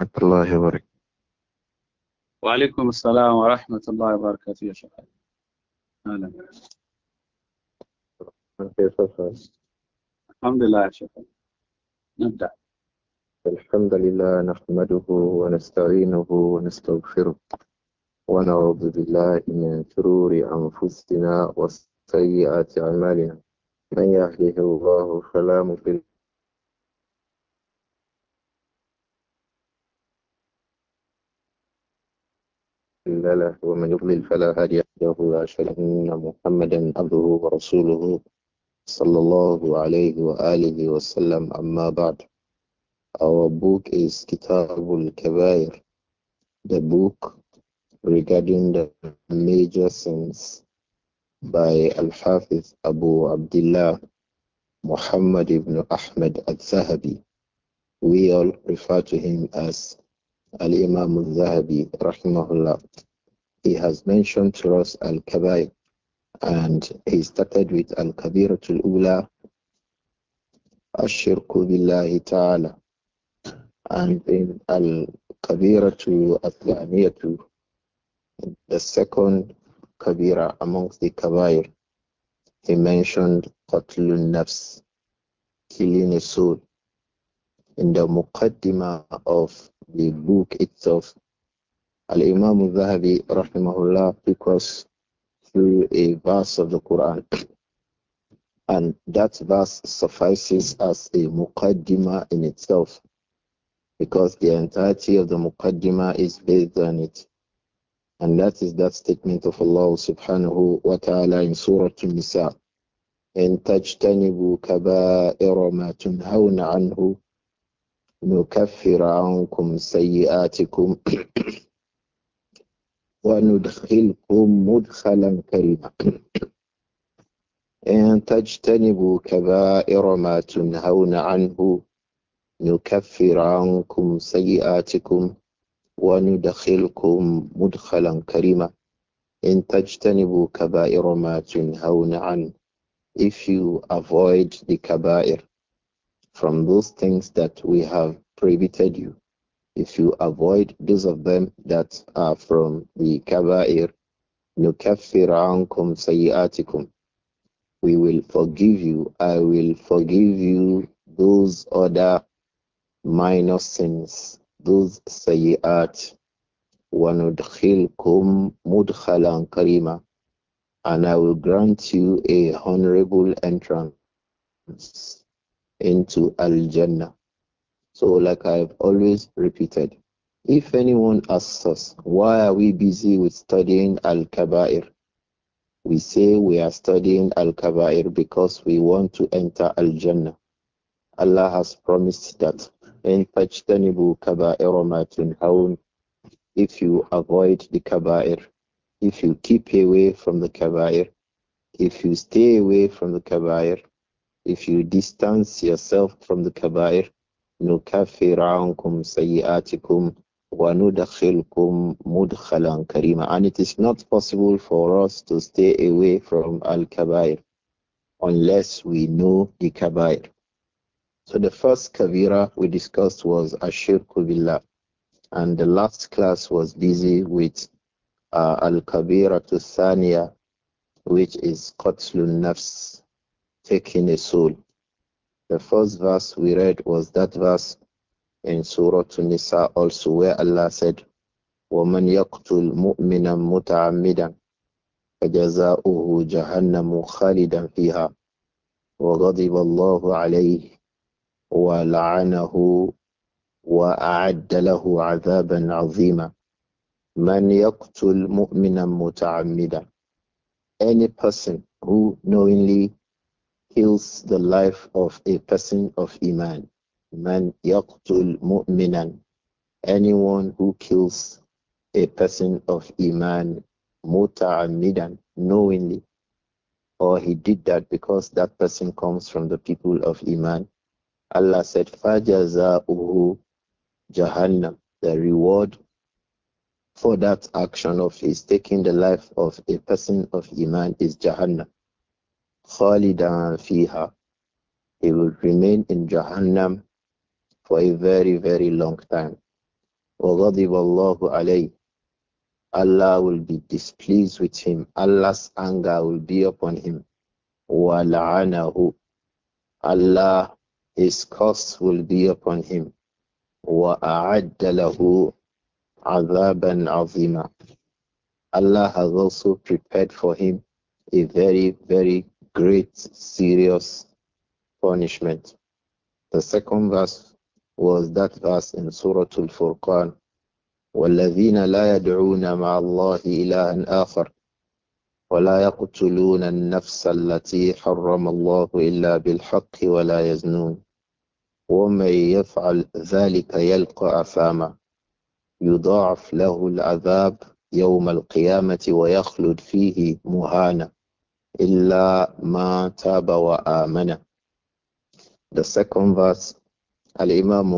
ورحمة الله وبركاته وعليكم السلام ورحمة الله وبركاته يا شيخ أهلا كيف الحال؟ الحمد لله يا شيخ نبدأ الحمد لله نحمده ونستعينه ونستغفره ونعوذ بالله من شرور أنفسنا وسيئات أعمالنا من يهده الله فلا مضل Our book is Kitabul Kabair, the book regarding the major sins by Al-Hafiz Abu Abdullah Muhammad ibn Ahmed al-Zahabi. We all refer to him as Al-Imam al-Zahabi, rahimahullah he has mentioned to us Al kabir and he started with Al Kabiratul Ula, Ashirku Billahi Ta'ala, and in Al Kabiratu Atlaniyatu, the second Kabira amongst the Kabair, he mentioned Qatlun Nafs, killing a soul. In the Muqaddimah of the book itself, Al-Imam al-Zahabi, rahimahullah, because through a verse of the Quran. And that verse suffices as a Mukaddima in itself, because the entirety of the Mukaddima is based on it. And that is that statement of Allah subhanahu wa ta'ala in Surah Nisa. "In Ta'jtanibu كبائر ما Anhu, عنه نكفر عنكم سيئاتكم وندخلكم مدخلا كريما إن تجتنبوا كبائر ما تنهون عنه نكفر عنكم سيئاتكم وندخلكم مدخلا كريما إن تجتنبوا كبائر ما تنهون عنه if you avoid the kabair from those things that we have prohibited you if you avoid those of them that are from the kaba'ir, We will forgive you. I will forgive you those other minor sins, those sayyat. وَنُدْخِلْكُمْ مُدْخَلًا karima, And I will grant you a honorable entrance into Al-Jannah. So, like I've always repeated, if anyone asks us, why are we busy with studying Al Kaba'ir? We say we are studying Al Kaba'ir because we want to enter Al Jannah. Allah has promised that in Pachtanibu Kaba'ir Haun, if you avoid the Kaba'ir, if you keep away from the Kaba'ir, if you stay away from the Kaba'ir, if you distance yourself from the Kaba'ir, نكفر عنكم سيئاتكم وندخلكم مدخلا كريما and it is not possible for us to stay away from al kabir unless we know the kabir. so the first kabira we discussed was ashirku billah and the last class was busy with uh, al-kabira to thaniya which is qatlun nafs taking a soul the first verse we read was that verse in Surah Nisa also where Allah said, وَمَنْ يَقْتُلْ مُؤْمِنًا مُتَعَمِّدًا فَجَزَاؤُهُ جَهَنَّمُ خَالِدًا فِيهَا وغضب الله عليه ولعنه وأعد له عذابا عظيما من يقتل مؤمنا متعمدا any person who knowingly kills the life of a person of Iman. Man yaqtul mu'minan. Anyone who kills a person of Iman muta'ammidan, knowingly, or he did that because that person comes from the people of Iman. Allah said, Fajaza'uhu Jahannam. The reward for that action of his taking the life of a person of Iman is Jahannam. خَالِدًا He will remain in Jahannam for a very, very long time. Allah will be displeased with him. Allah's anger will be upon him. Allah, his curse will be upon him. Allah has also prepared for him a very, very great, serious punishment. The second verse was that verse in Surah Al Furqan. والذين لا يدعون مع الله إلها آخر ولا يقتلون النفس التي حرم الله إلا بالحق ولا يزنون ومن يفعل ذلك يلقى أثاما يضاعف له العذاب يوم القيامة ويخلد فيه مهانا the second verse, Al-Imam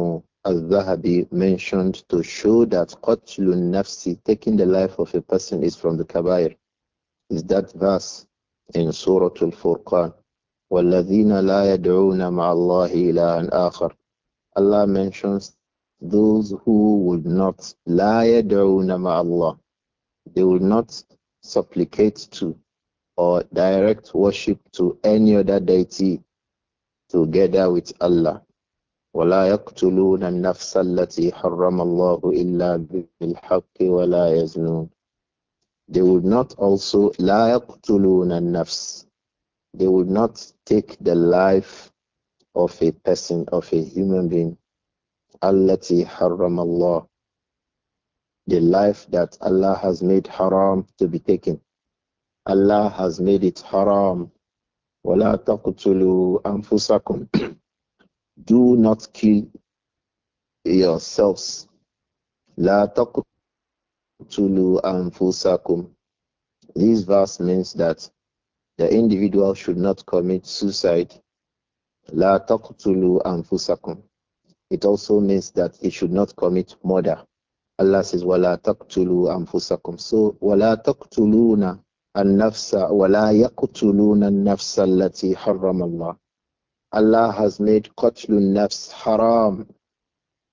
Al-Zahabi mentioned to show that قتل النفس taking the life of a person is from the كبائر Is that verse in Surah Al-Furqan. وَالَّذِينَ لَا يَدْعُونَ مَعَ اللَّهِ إِلَىٰ آخَرٍ Allah mentions those who would not, لَا يَدْعُونَ مَعَ اللَّهِ They will not supplicate to or direct worship to any other deity together with Allah. ولا يقتلون النفس التي حرم الله إلا بالحق ولا يزنون they would not also لا يقتلون النفس they would not take the life of a person of a human being التي حرم الله the life that Allah has made haram to be taken Allah has made it haram. وَلَا تَقْتُلُوا أَنفُسَكُمْ Do not kill yourselves. لَا تَقْتُلُوا أَنفُسَكُمْ This verse means that the individual should not commit suicide. لَا تَقْتُلُوا أَنفُسَكُمْ It also means that he should not commit murder. Allah says, وَلَا amfusakum. أَنفُسَكُمْ So, وَلَا تَقْتُلُونَ النفس ولا يقتلون النفس التي حرم الله. Allah has made qatlun nafs haram.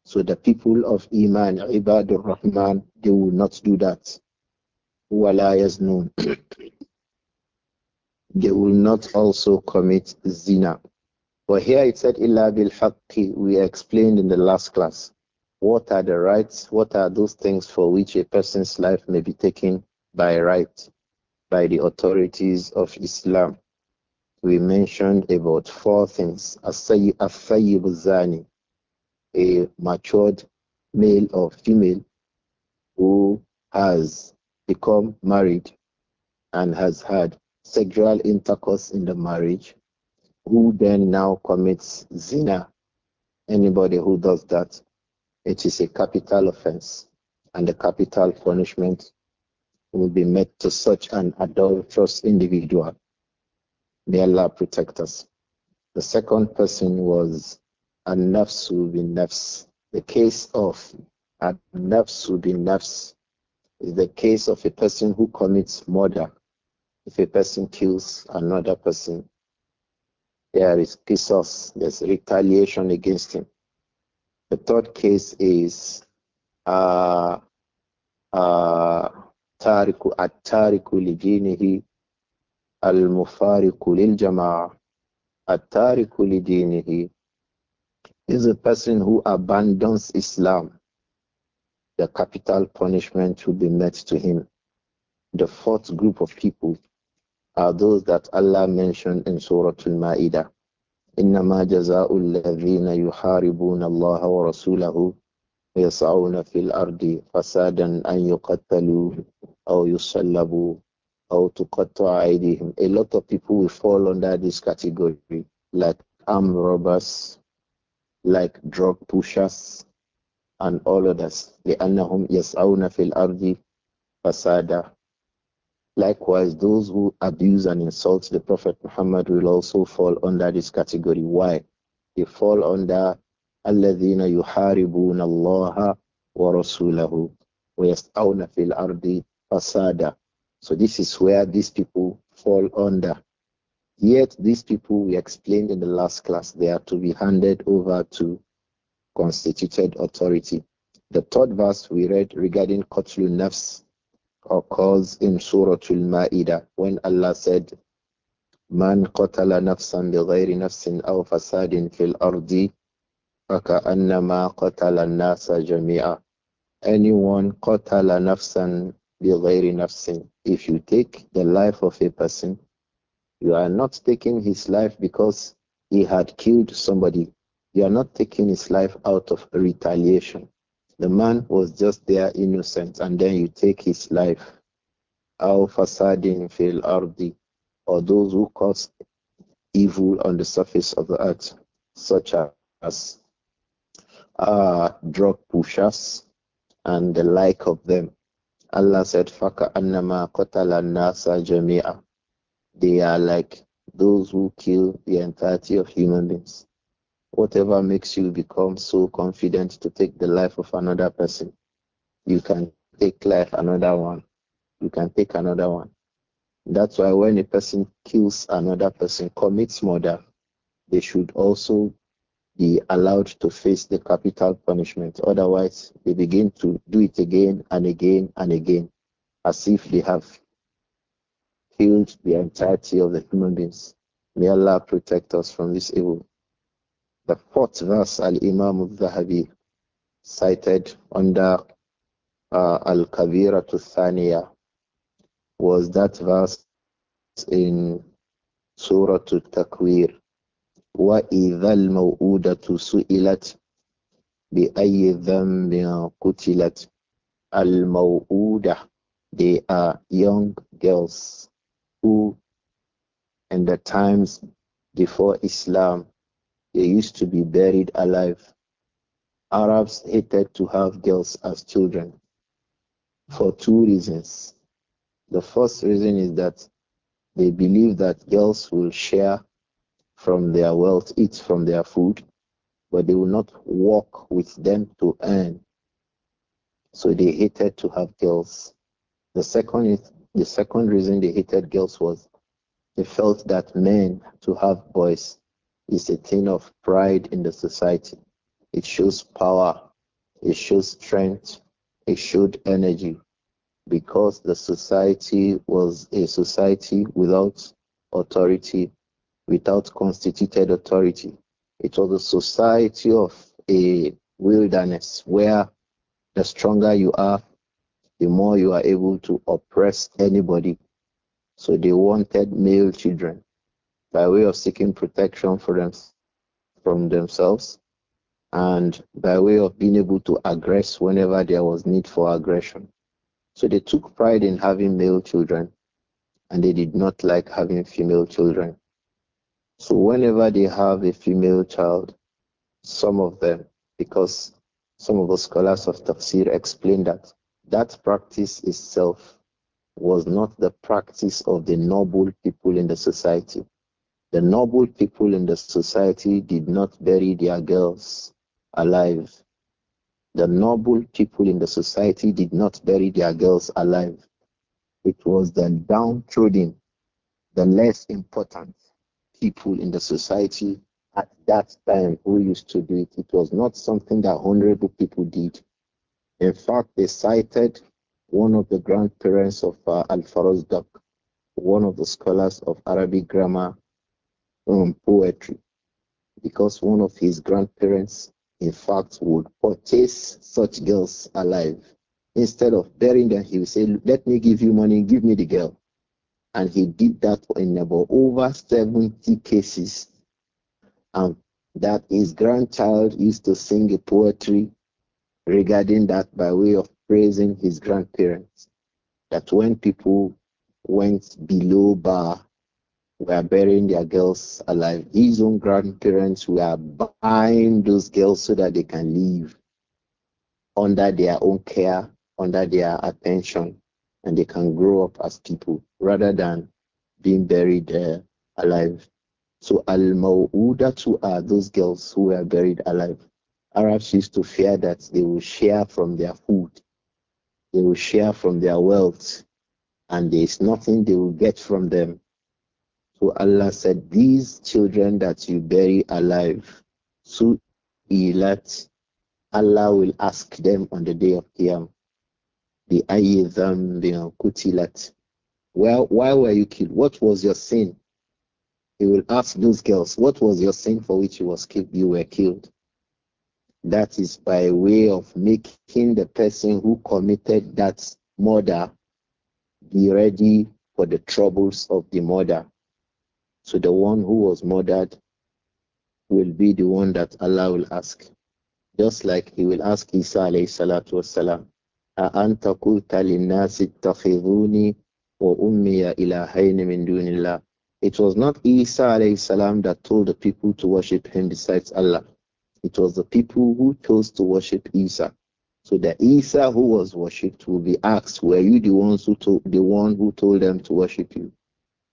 So the people of Iman, Ibadur Rahman, they will not do that. وَلَا yaznun. they will not also commit zina. But here it said illa bil We explained in the last class what are the rights, what are those things for which a person's life may be taken by right by the authorities of Islam. We mentioned about four things. a sayyib a matured male or female who has become married and has had sexual intercourse in the marriage, who then now commits zina. Anybody who does that, it is a capital offense, and the capital punishment will be met to such an adulterous individual. May Allah protect us. The second person was an nafsu bin nafs. The case of an nafsu bin nafs is the case of a person who commits murder. If a person kills another person, there is kisos, there's retaliation against him. The third case is uh, uh, التارك التارك لدينه المفارق للجماعة التارك لدينه is a person who abandons Islam. The capital punishment will be met to him. The fourth group of people are those that Allah mentioned in Surah Al-Ma'idah. إنما جزاء الذين يحاربون الله ورسوله ويسعون في الأرض فسادا أن يقتلوا أو يصلبوا أو تقطع أيديهم a lot of people will fall under this category like armed robbers like drug pushers and all others لأنهم يسعون في الأرض فسادا Likewise, those who abuse and insult the Prophet Muhammad will also fall under this category. Why? They fall under الذين يحاربون الله ورسوله ويسعون في الأرض fasada. So this is where these people fall under. Yet these people we explained in the last class, they are to be handed over to constituted authority. The third verse we read regarding Qatlu Nafs occurs in Surah Al-Ma'idah when Allah said, Man qatala nafsan bighayri nafsin aw fasadin fil ardi فَكَأَنَّمَا قَتَلَ النَّاسَ jami'a. Anyone قتَلَ نَفْسًا بِغَيْرِ نَفْسٍ If you take the life of a person, you are not taking his life because he had killed somebody. You are not taking his life out of retaliation. The man was just there innocent and then you take his life. أَوْ فَسَادٍ فِي الْأَرْضِ Or those who cause evil on the surface of the earth, such as uh, drug pushers and the like of them. Allah said, Faka annama qatala nasa jami'a. They are like those who kill the entirety of human beings. Whatever makes you become so confident to take the life of another person, you can take life another one. You can take another one. That's why when a person kills another person, commits murder, they should also be allowed to face the capital punishment. Otherwise, they begin to do it again and again and again, as if they have killed the entirety of the human beings. May Allah protect us from this evil. The fourth verse Al Imam al Zahabi cited under uh, Al Kabira to Thaniya was that verse in Surah Al Takwir وإذا الموءودة سئلت بأي ذنب قتلت الموءودة they are young girls who in the times before Islam they used to be buried alive Arabs hated to have girls as children for two reasons the first reason is that they believe that girls will share from their wealth, eat from their food, but they will not work with them to earn. So they hated to have girls. The second is, the second reason they hated girls was they felt that men to have boys is a thing of pride in the society. It shows power, it shows strength, it showed energy, because the society was a society without authority without constituted authority. It was a society of a wilderness where the stronger you are, the more you are able to oppress anybody. So they wanted male children by way of seeking protection for them, from themselves and by way of being able to aggress whenever there was need for aggression. So they took pride in having male children and they did not like having female children. So whenever they have a female child, some of them, because some of the scholars of tafsir explain that that practice itself was not the practice of the noble people in the society. The noble people in the society did not bury their girls alive. The noble people in the society did not bury their girls alive. It was the downtrodden, the less important, people in the society at that time who used to do it. It was not something that honorable people did. In fact, they cited one of the grandparents of uh, Al-Faraz one of the scholars of Arabic grammar um, poetry, because one of his grandparents, in fact, would purchase such girls alive. Instead of burying them, he would say, let me give you money, give me the girl. And he did that in about over 70 cases. And that his grandchild used to sing a poetry regarding that by way of praising his grandparents. That when people went below bar, were burying their girls alive, his own grandparents were buying those girls so that they can live under their own care, under their attention and they can grow up as people rather than being buried uh, alive. So al mawudatu are those girls who were buried alive. Arabs used to fear that they will share from their food, they will share from their wealth, and there is nothing they will get from them. So Allah said, These children that you bury alive, so ilat, Allah will ask them on the day of Qiyam. The uh, kutilat. Well, why were you killed? What was your sin? He will ask those girls, what was your sin for which you was killed? You were killed. That is by way of making the person who committed that murder be ready for the troubles of the murder. So the one who was murdered will be the one that Allah will ask. Just like he will ask Isa alayhi salatu wasalam, أأنت قلت للناس اتخذوني وأمي إلهين من دون الله It was not Isa alayhi salam that told the people to worship him besides Allah. It was the people who chose to worship Isa. So the Isa who was worshipped will be asked, Were you the ones who told the one who told them to worship you?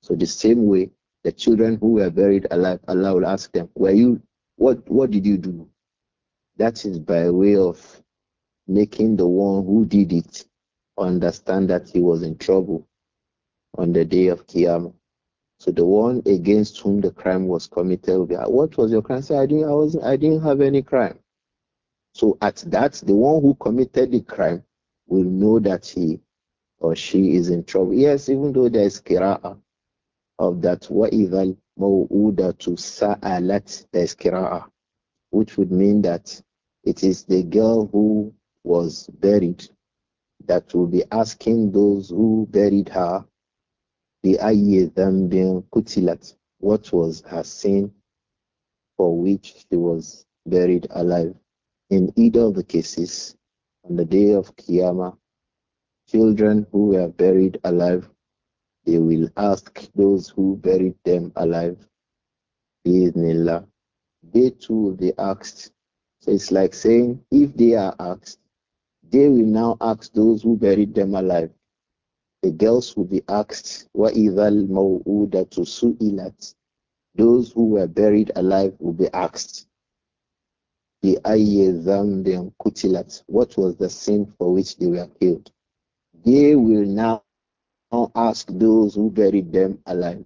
So the same way, the children who were buried alive, Allah will ask them, Were you what what did you do? That is by way of making the one who did it understand that he was in trouble on the day of Qiyamah. So the one against whom the crime was committed will be, ah, what was your crime? Say, I didn't, I, was, I didn't have any crime. So at that, the one who committed the crime will know that he or she is in trouble. Yes, even though there is qira'ah of that wa'idhal maw'udatu sa'alat, there is qira'ah, which would mean that it is the girl who was buried that will be asking those who buried her the Ayyadambin Kutilat, what was her sin for which she was buried alive. In either of the cases, on the day of Kiyama, children who were buried alive, they will ask those who buried them alive, Bismillah. They too will be asked. So it's like saying, if they are asked, they will now ask those who buried them alive. The girls will be asked, وَإِذَا الْمَوْءُودَةُ سُئِلَتْ Those who were buried alive will be asked, بِأَيِّ ذَنْبٍ قُتِلَتْ What was the sin for which they were killed? They will now ask those who buried them alive,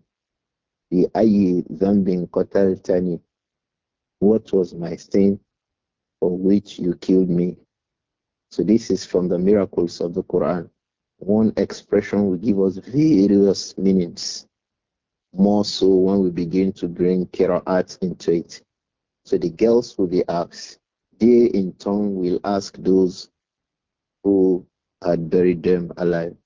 بِأَيِّ ذَنْبٍ قَتَلْتَنِي What was my sin for which you killed me? So this is from the miracles of the Quran. One expression will give us various meanings. More so when we begin to bring Qira'at into it. So the girls will be asked. They in turn will ask those who had buried them alive.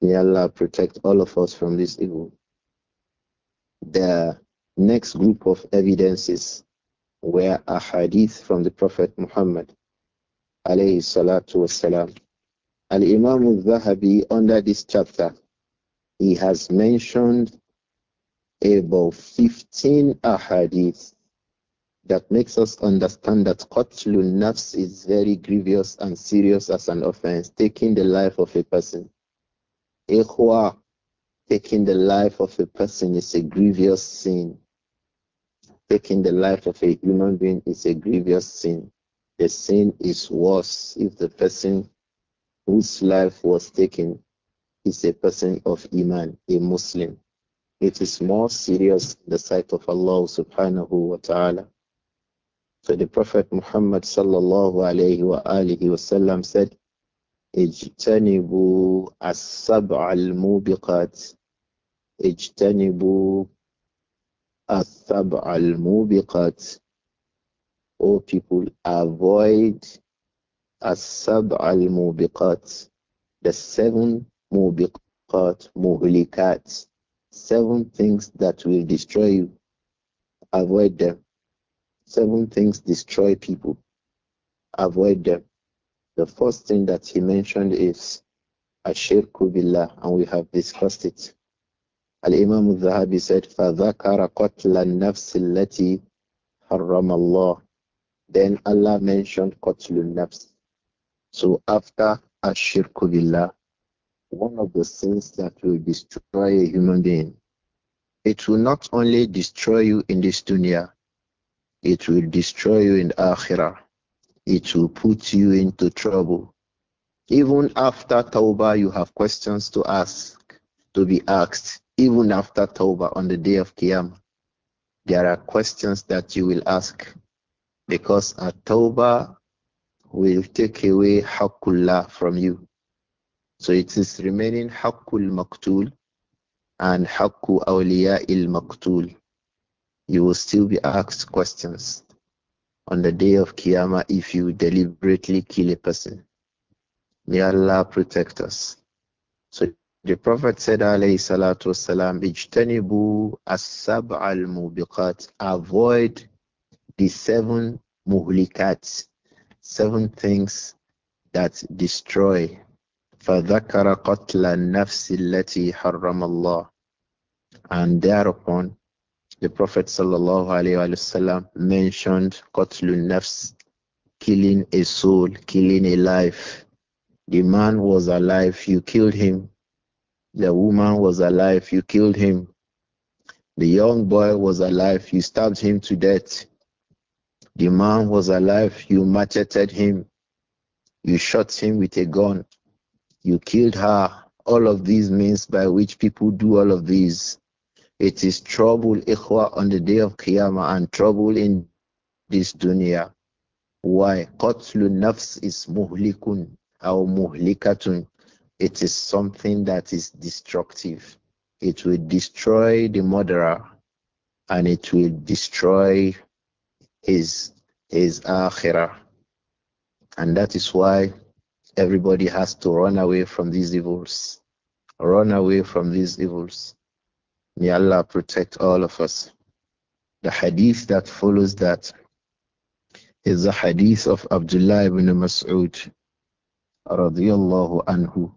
May Allah protect all of us from this evil. The next group of evidences were a hadith from the Prophet Muhammad alayhi salatu wassalam. Al-Imam al-Zahabi under this chapter, he has mentioned about 15 ahadith that makes us understand that qatlun nafs is very grievous and serious as an offense, taking the life of a person. Ikhwa, taking the life of a person is a grievous sin. Taking the life of a human being is a grievous sin the sin is worse if the person whose life was taken is a person of Iman, a Muslim. It is more serious in the sight of Allah subhanahu wa ta'ala. So the Prophet Muhammad sallallahu alayhi wa alihi wasallam said, اجتنبوا السبع الموبقات اجتنبوا السبع الموبقات O people, avoid Asab al Mubiqat, the seven Mubiqat, Muhlikat, seven things that will destroy you. Avoid them. Seven things destroy people. Avoid them. The first thing that he mentioned is Ashirku Billah, and we have discussed it. Al Imam al Zahabi said, فَذَكَرَ قَتْلَ النَّفْسِ الَّتِي حَرَّمَ اللَّهُ then Allah mentioned Qatlun Nafs. So after Ashirku Billah, one of the sins that will destroy a human being, it will not only destroy you in this dunya, it will destroy you in Akhirah. It will put you into trouble. Even after Tawbah, you have questions to ask, to be asked. Even after Tawbah on the day of Qiyamah, there are questions that you will ask because a tawbah will take away haqqullah from you. So it is remaining haqqul maqtul and haqqu il maqtul. You will still be asked questions on the day of Qiyamah if you deliberately kill a person. May Allah protect us. So the Prophet said, alayhi salatu wasalam, ijtanibu as-sab'al mubiqat, avoid the seven muhlikat, seven things that destroy. فذكر قتل النفس التي حرم الله and thereupon the Prophet sallallahu alaihi wasallam mentioned qatlun nafs, killing a soul, killing a life. The man was alive, you killed him. The woman was alive, you killed him. The young boy was alive, you stabbed him to death. The man was alive. You macheted him. You shot him with a gun. You killed her. All of these means by which people do all of these. It is trouble, ikhwa, on the day of Qiyamah and trouble in this dunya. Why? Qatlu nafs is muhlikun or muhlikatun. It is something that is destructive. It will destroy the murderer and it will destroy his his akhirah. And that is why everybody has to run away from these evils. Run away from these evils. May Allah protect all of us. The hadith that follows that is the hadith of Abdullah ibn Mas'ud radiyallahu anhu.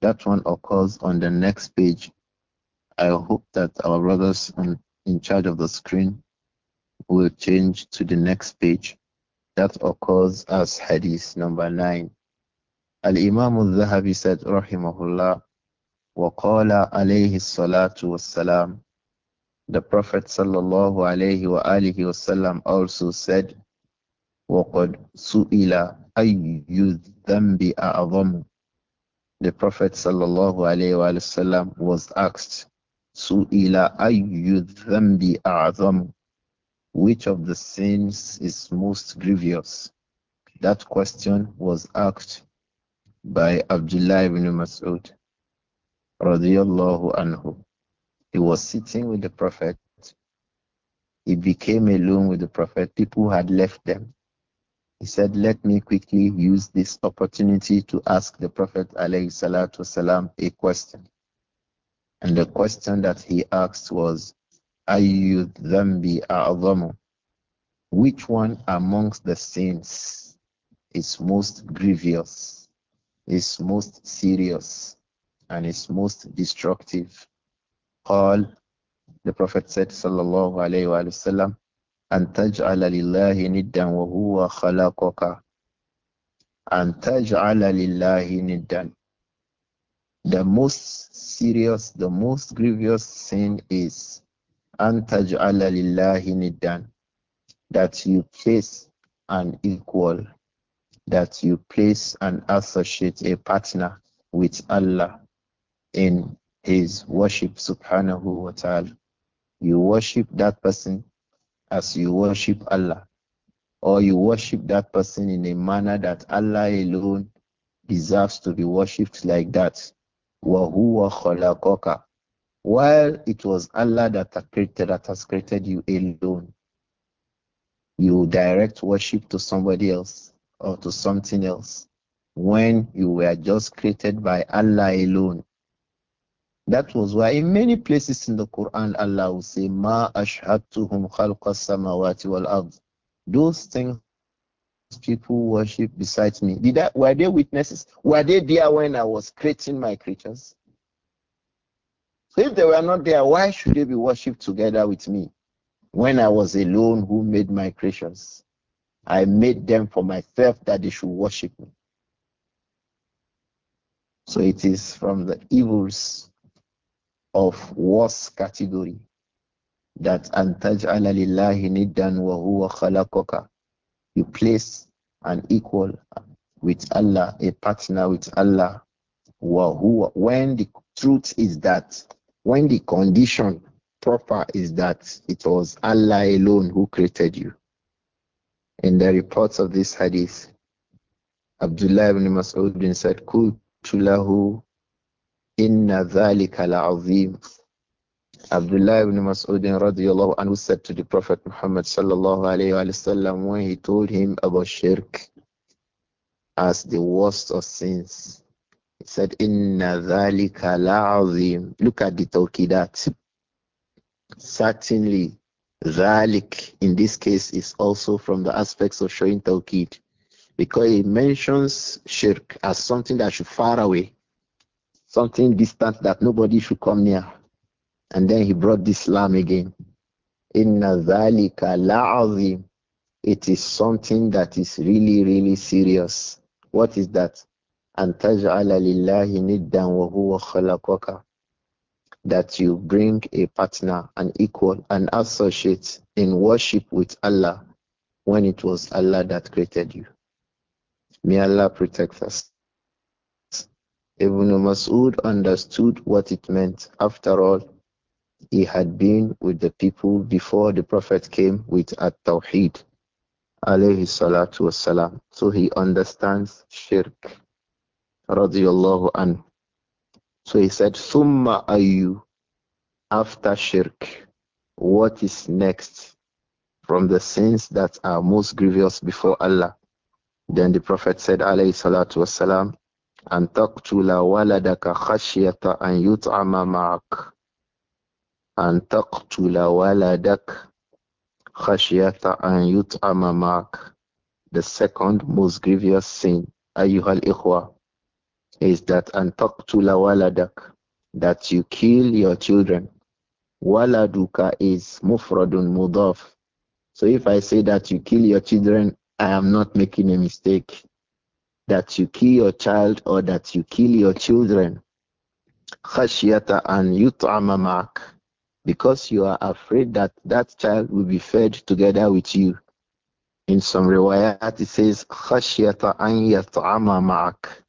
That one occurs on the next page. I hope that our brothers in charge of the screen will change to the next page. That occurs as hadith number 9. Al-Imam al-Zahabi said, Rahimahullah, وَقَالَ عَلَيْهِ الصَّلَاةُ The Prophet sallallahu alayhi wa alihi wasallam also said, وَقَدْ سُئِلَ أَيُّ الذَّنْبِ أَعْظَمُ The Prophet sallallahu alayhi wa sallam was asked, سُئِلَ أَيُّ الذَّنْبِ أَعْظَمُ which of the sins is most grievous? That question was asked by Abdullah ibn Mas'ud radiyallahu anhu. He was sitting with the Prophet. He became alone with the Prophet. People had left them. He said, Let me quickly use this opportunity to ask the Prophet والسلام, a question. And the question that he asked was, أي الذنب أعظم Which one amongst the sins is most grievous, is most serious, and is most destructive? All the Prophet said, sallallahu alayhi wa sallam, أن تجعل لله ندا وهو خلقك أن تجعل لله ندا The most serious, the most grievous sin is that you place an equal that you place and associate a partner with Allah in his worship subhanahu wa ta'ala you worship that person as you worship Allah or you worship that person in a manner that Allah alone deserves to be worshipped like that. While it was Allah that created that has created you alone, you direct worship to somebody else or to something else when you were just created by Allah alone. That was why in many places in the Quran Allah will say, Ma ashhadtuhum khalqa samawati wal ard. Those things people worship besides me. Did I, were they witnesses? Were they there when I was creating my creatures? So if they were not there, why should they be worshipped together with me when I was alone who made my creations? I made them for myself that they should worship me. So it is from the evils of worse category that antaj lillahi niddan wa huwa khalaqaka. You place an equal with Allah, a partner with Allah. Wa huwa. When the truth is that when the condition proper is that it was Allah alone who created you. In the reports of this hadith, Abdullah ibn Mas'ud said, "Kutulahu lahu inna dhalika la'azim. Abdullah ibn Mas'ud radiyallahu anhu said to the Prophet Muhammad sallallahu alayhi wa sallam when he told him about shirk as the worst of sins, it said, Inna dhalika la'azim. Look at the tawkidat. Certainly, dhalik in this case is also from the aspects of showing tawkid because it mentions shirk as something that should far away, something distant that nobody should come near. And then he brought lamb again. Inna dhalika la'azim. It is something that is really, really serious. What is that? أن تجعل لله ندا وهو خلقك that you bring a partner, an equal, an associate in worship with Allah when it was Allah that created you. May Allah protect us. Ibn Mas'ud understood what it meant. After all, he had been with the people before the Prophet came with at Tawheed, alayhi salatu wasalam. So he understands shirk radiallahu an. So he said, Summa ayu, after shirk, what is next from the sins that are most grievous before Allah? Then the Prophet said, alayhi salatu Allah, an taqtula waladaka khashyata an yut'ama ma'ak. An taqtula waladaka khashyata an yut'ama ma'ak. The second most grievous sin, ayuhal ikhwah is that to la waladak, that you kill your children. Waladuka is mufradun mudaf. So if I say that you kill your children, I am not making a mistake. That you kill your child or that you kill your children. Khashyata an yut'amamak. Because you are afraid that that child will be fed together with you. In some riwayat it says khashyata an yat'ama amamak.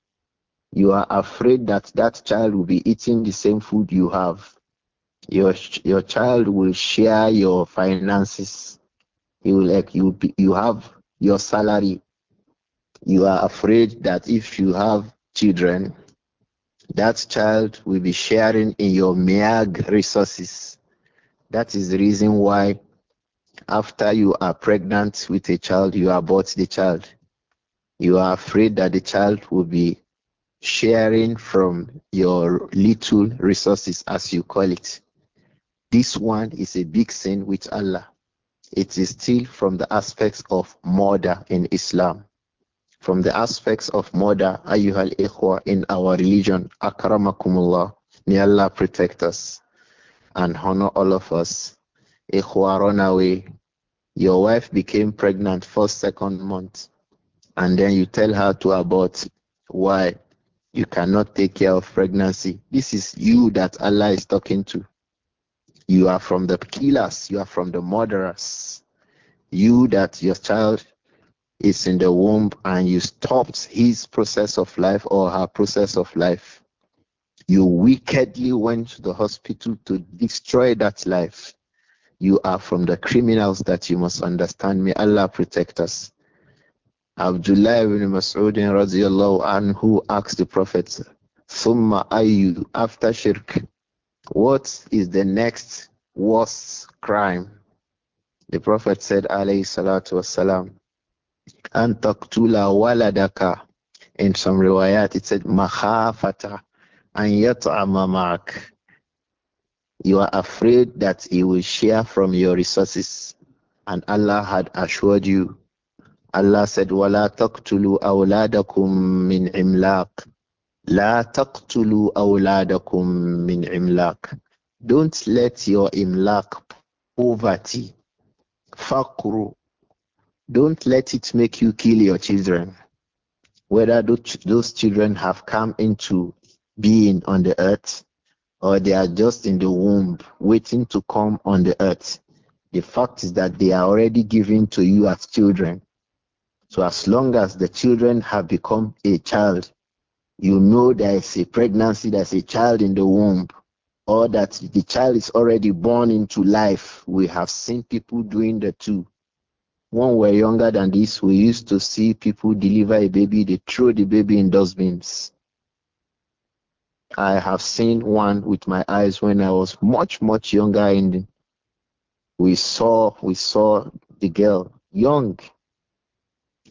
You are afraid that that child will be eating the same food you have. Your your child will share your finances. You will like you you have your salary. You are afraid that if you have children, that child will be sharing in your meag resources. That is the reason why after you are pregnant with a child, you abort the child. You are afraid that the child will be sharing from your little resources, as you call it. This one is a big sin with Allah. It is still from the aspects of murder in Islam. From the aspects of murder, ayyuhal ikhwa, in our religion, akramakumullah, may Allah protect us and honor all of us. Ikhwa run away. Your wife became pregnant first, second month, and then you tell her to abort. Why? You cannot take care of pregnancy. This is you that Allah is talking to. You are from the killers, you are from the murderers. You that your child is in the womb and you stopped his process of life or her process of life. You wickedly went to the hospital to destroy that life. You are from the criminals that you must understand. May Allah protect us. Abdullah ibn Mas'ud radiallahu anhu asked the Prophet, Summa ayu, after shirk, what is the next worst crime? The Prophet said, alayhi salatu wasalam, Antaktula waladaka. In some riwayat, it said, Makhafata, an yat'ama ma'ak. You are afraid that he will share from your resources, and Allah had assured you Allah said, وَلَا تَقْتُلُوا أَوْلَادَكُمْ مِنْ عِمْلَاقٍ لَا تَقْتُلُوا أَوْلَادَكُمْ مِنْ عِمْلَاقٍ Don't let your imlaq, poverty, fakru, don't let it make you kill your children. Whether those children have come into being on the earth or they are just in the womb waiting to come on the earth, the fact is that they are already given to you as children so as long as the children have become a child, you know there is a pregnancy, there's a child in the womb, or that the child is already born into life. We have seen people doing the two. When we were younger than this, we used to see people deliver a baby, they throw the baby in dustbins. I have seen one with my eyes when I was much, much younger and we saw we saw the girl young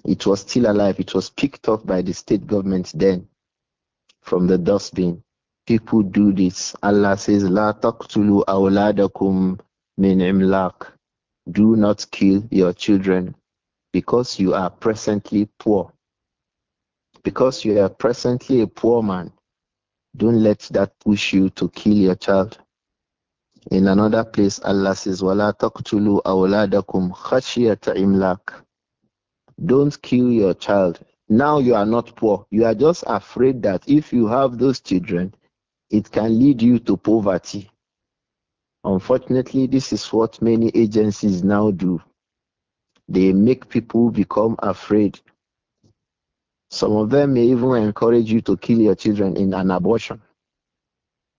it was still alive. It was picked up by the state government then from the dustbin. People do this. Allah says, La taqtulu awladakum min imlaq. Do not kill your children because you are presently poor. Because you are presently a poor man, don't let that push you to kill your child. In another place, Allah says, وَلَا تَقْتُلُوا awladakum خَشْيَةَ imlaq." Don't kill your child. Now you are not poor. You are just afraid that if you have those children, it can lead you to poverty. Unfortunately, this is what many agencies now do. They make people become afraid. Some of them may even encourage you to kill your children in an abortion.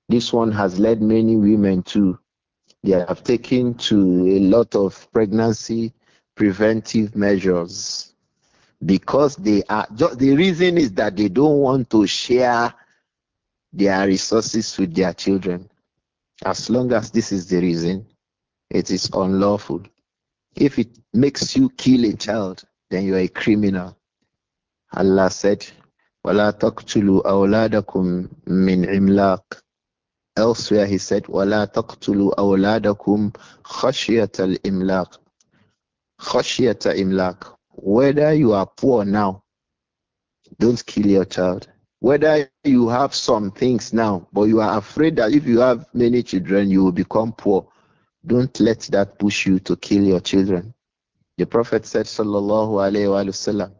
This one has led many women to, they have taken to a lot of pregnancy preventive measures because they are just, the reason is that they don't want to share their resources with their children as long as this is the reason it is unlawful if it makes you kill a child then you are a criminal allah said wala تقتلوا أولادكم min imlaq." elsewhere he said ولا تقتلوا أولادكم خشية imlaq." Khashiyata imlak. Whether you are poor now, don't kill your child. Whether you have some things now, but you are afraid that if you have many children, you will become poor. Don't let that push you to kill your children. The Prophet said, Sallallahu Alaihi Wasallam,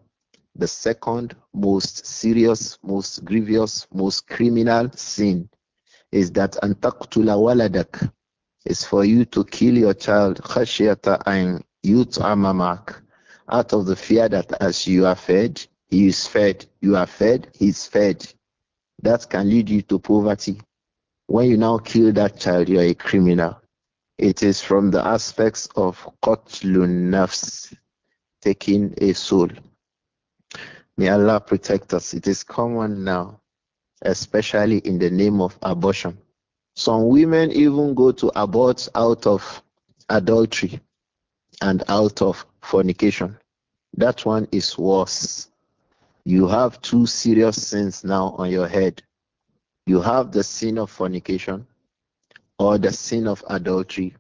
the second most serious, most grievous, most criminal sin is that antaqtula waladak is for you to kill your child khashiyata an you Amamak, out of the fear that as you are fed, he is fed, you are fed, he is fed. That can lead you to poverty. When you now kill that child, you are a criminal. It is from the aspects of Qatlun Nafs, taking a soul. May Allah protect us. It is common now, especially in the name of abortion. Some women even go to abort out of adultery and out of fornication. That one is worse. You have two serious sins now on your head. You have the sin of fornication or the sin of adultery,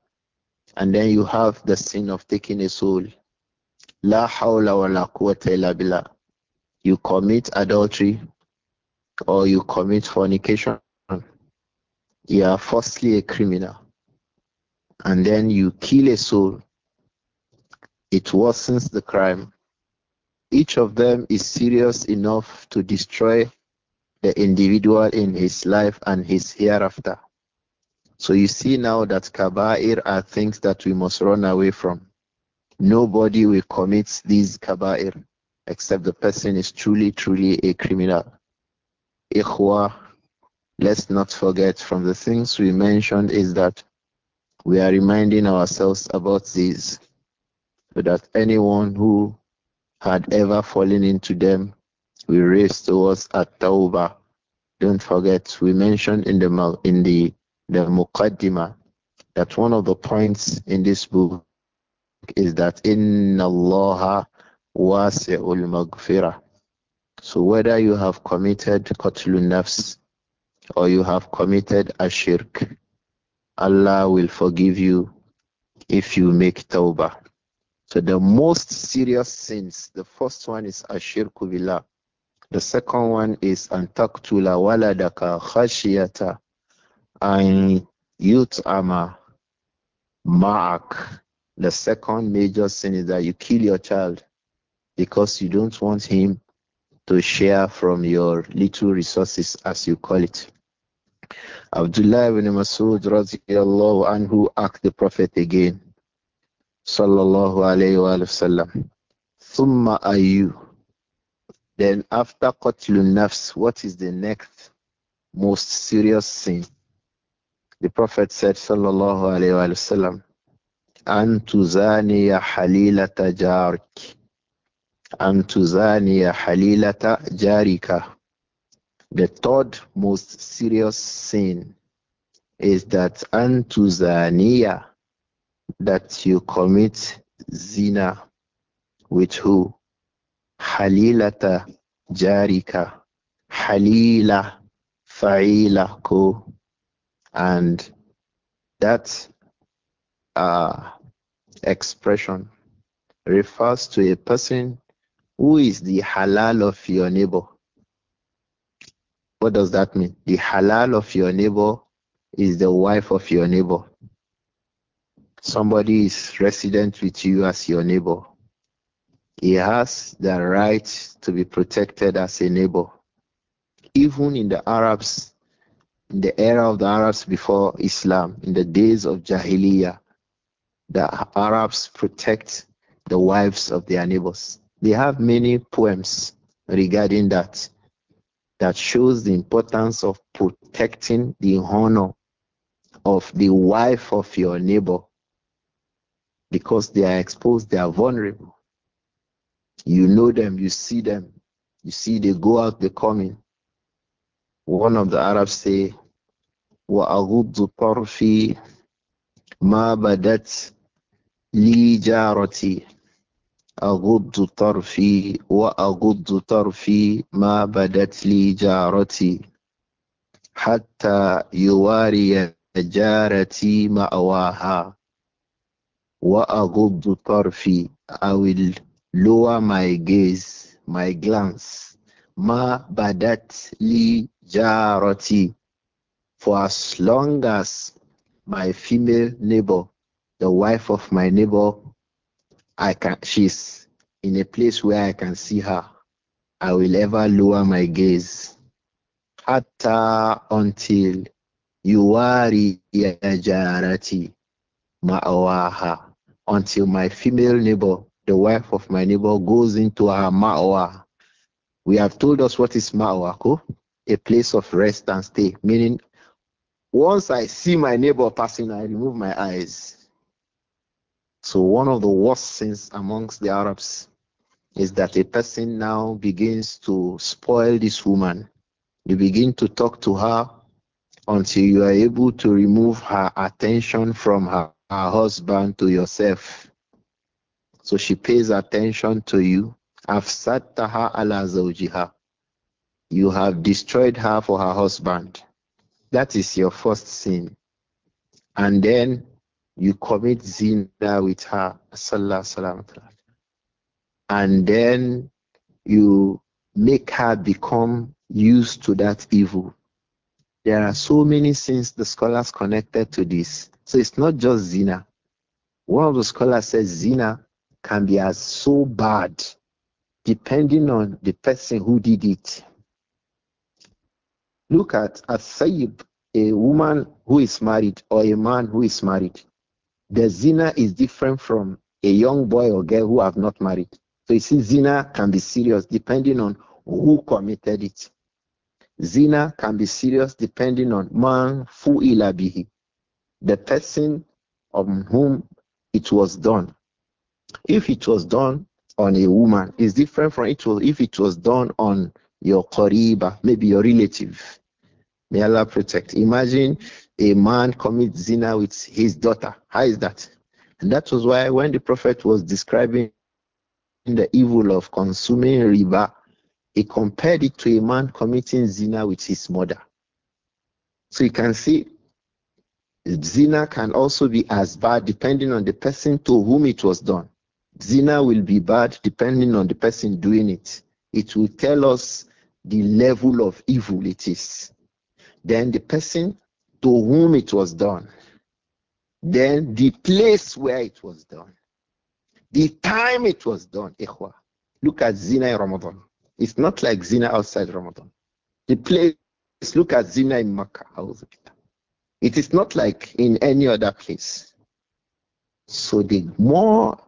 and then you have the sin of taking a soul. La hawla wa la quwwata illa billah. You commit adultery or you commit fornication. You are firstly a criminal, and then you kill a soul it worsens the crime. Each of them is serious enough to destroy the individual in his life and his hereafter. So you see now that kaba'ir are things that we must run away from. Nobody will commit these kaba'ir except the person is truly, truly a criminal. Ikhwa, let's not forget from the things we mentioned is that we are reminding ourselves about these so that anyone who had ever fallen into them we race towards at-tawbah. Don't forget, we mentioned in the in the the muqaddimah that one of the points in this book is that inna Allah wasi'ul maghfirah. So whether you have committed qatlun nafs or you have committed a shirk, Allah will forgive you if you make tawbah. So the most serious sins, the first one is Ashir Kubila. The second one is antaktula waladaka khashiyata an ama ma'ak. The second major sin is that you kill your child because you don't want him to share from your little resources, as you call it. Abdullah ibn Masud radiallahu anhu asked the Prophet again sallallahu alayhi wa sallam. Thumma ayu. Then after qatlun nafs, what is the next most serious sin? The Prophet said, sallallahu alayhi wa sallam, أن تزاني Antuzaniya جارك أن The third most serious sin is that Antuzaniya that you commit zina with who? Halilata jarika. Halila fa'ila ko. And that uh, expression refers to a person who is the halal of your neighbor. What does that mean? The halal of your neighbor is the wife of your neighbor. Somebody is resident with you as your neighbor. He has the right to be protected as a neighbor. Even in the Arabs, in the era of the Arabs before Islam, in the days of Jahiliyyah, the Arabs protect the wives of their neighbors. They have many poems regarding that that shows the importance of protecting the honor of the wife of your neighbor because they are exposed, they are vulnerable. You know them, you see them, you see they go out, they come in. One of the Arabs say, وَأَغُضُّ طَرْفِي مَا بَدَتْ لِي جَارَتِي أغض طرفي وأغض طرفي ما بدت لي جارتي حتى يواري جارتي مأواها وَأَغُضُّ طَرْفِي I will lower my gaze, my glance. مَا بَدَتْ لِي جَارَتِي For as long as my female neighbor, the wife of my neighbor, I can, she's in a place where I can see her. I will ever lower my gaze. Hatta until you yuwari yajarati ma'awaha until my female neighbor, the wife of my neighbor, goes into her ma'wa. We have told us what is ma'wa, a place of rest and stay, meaning once I see my neighbor passing, I remove my eyes. So one of the worst sins amongst the Arabs is that a person now begins to spoil this woman. You begin to talk to her until you are able to remove her attention from her her husband to yourself. So she pays attention to you. Afsataha ala zawjiha. You have destroyed her for her husband. That is your first sin. And then you commit zina with her. And then you make her become used to that evil. There are so many sins the scholars connected to this. So it's not just zina. One of the scholars says zina can be as so bad depending on the person who did it. Look at a sayyib, a woman who is married or a man who is married. The zina is different from a young boy or girl who have not married. So you see, zina can be serious depending on who committed it. Zina can be serious depending on man fu bihi, the person on whom it was done. If it was done on a woman, is different from it was if it was done on your qariba, maybe your relative. May Allah protect. Imagine a man commits zina with his daughter. How is that? And that was why when the Prophet was describing the evil of consuming riba, he compared it to a man committing zina with his mother. So you can see zina can also be as bad depending on the person to whom it was done. Zina will be bad depending on the person doing it. It will tell us the level of evil it is. Then the person to whom it was done. Then the place where it was done. The time it was done. Look at Zina in Ramadan. It's not like zina outside Ramadan. The place, look at zina in Makkah. It is not like in any other place. So the more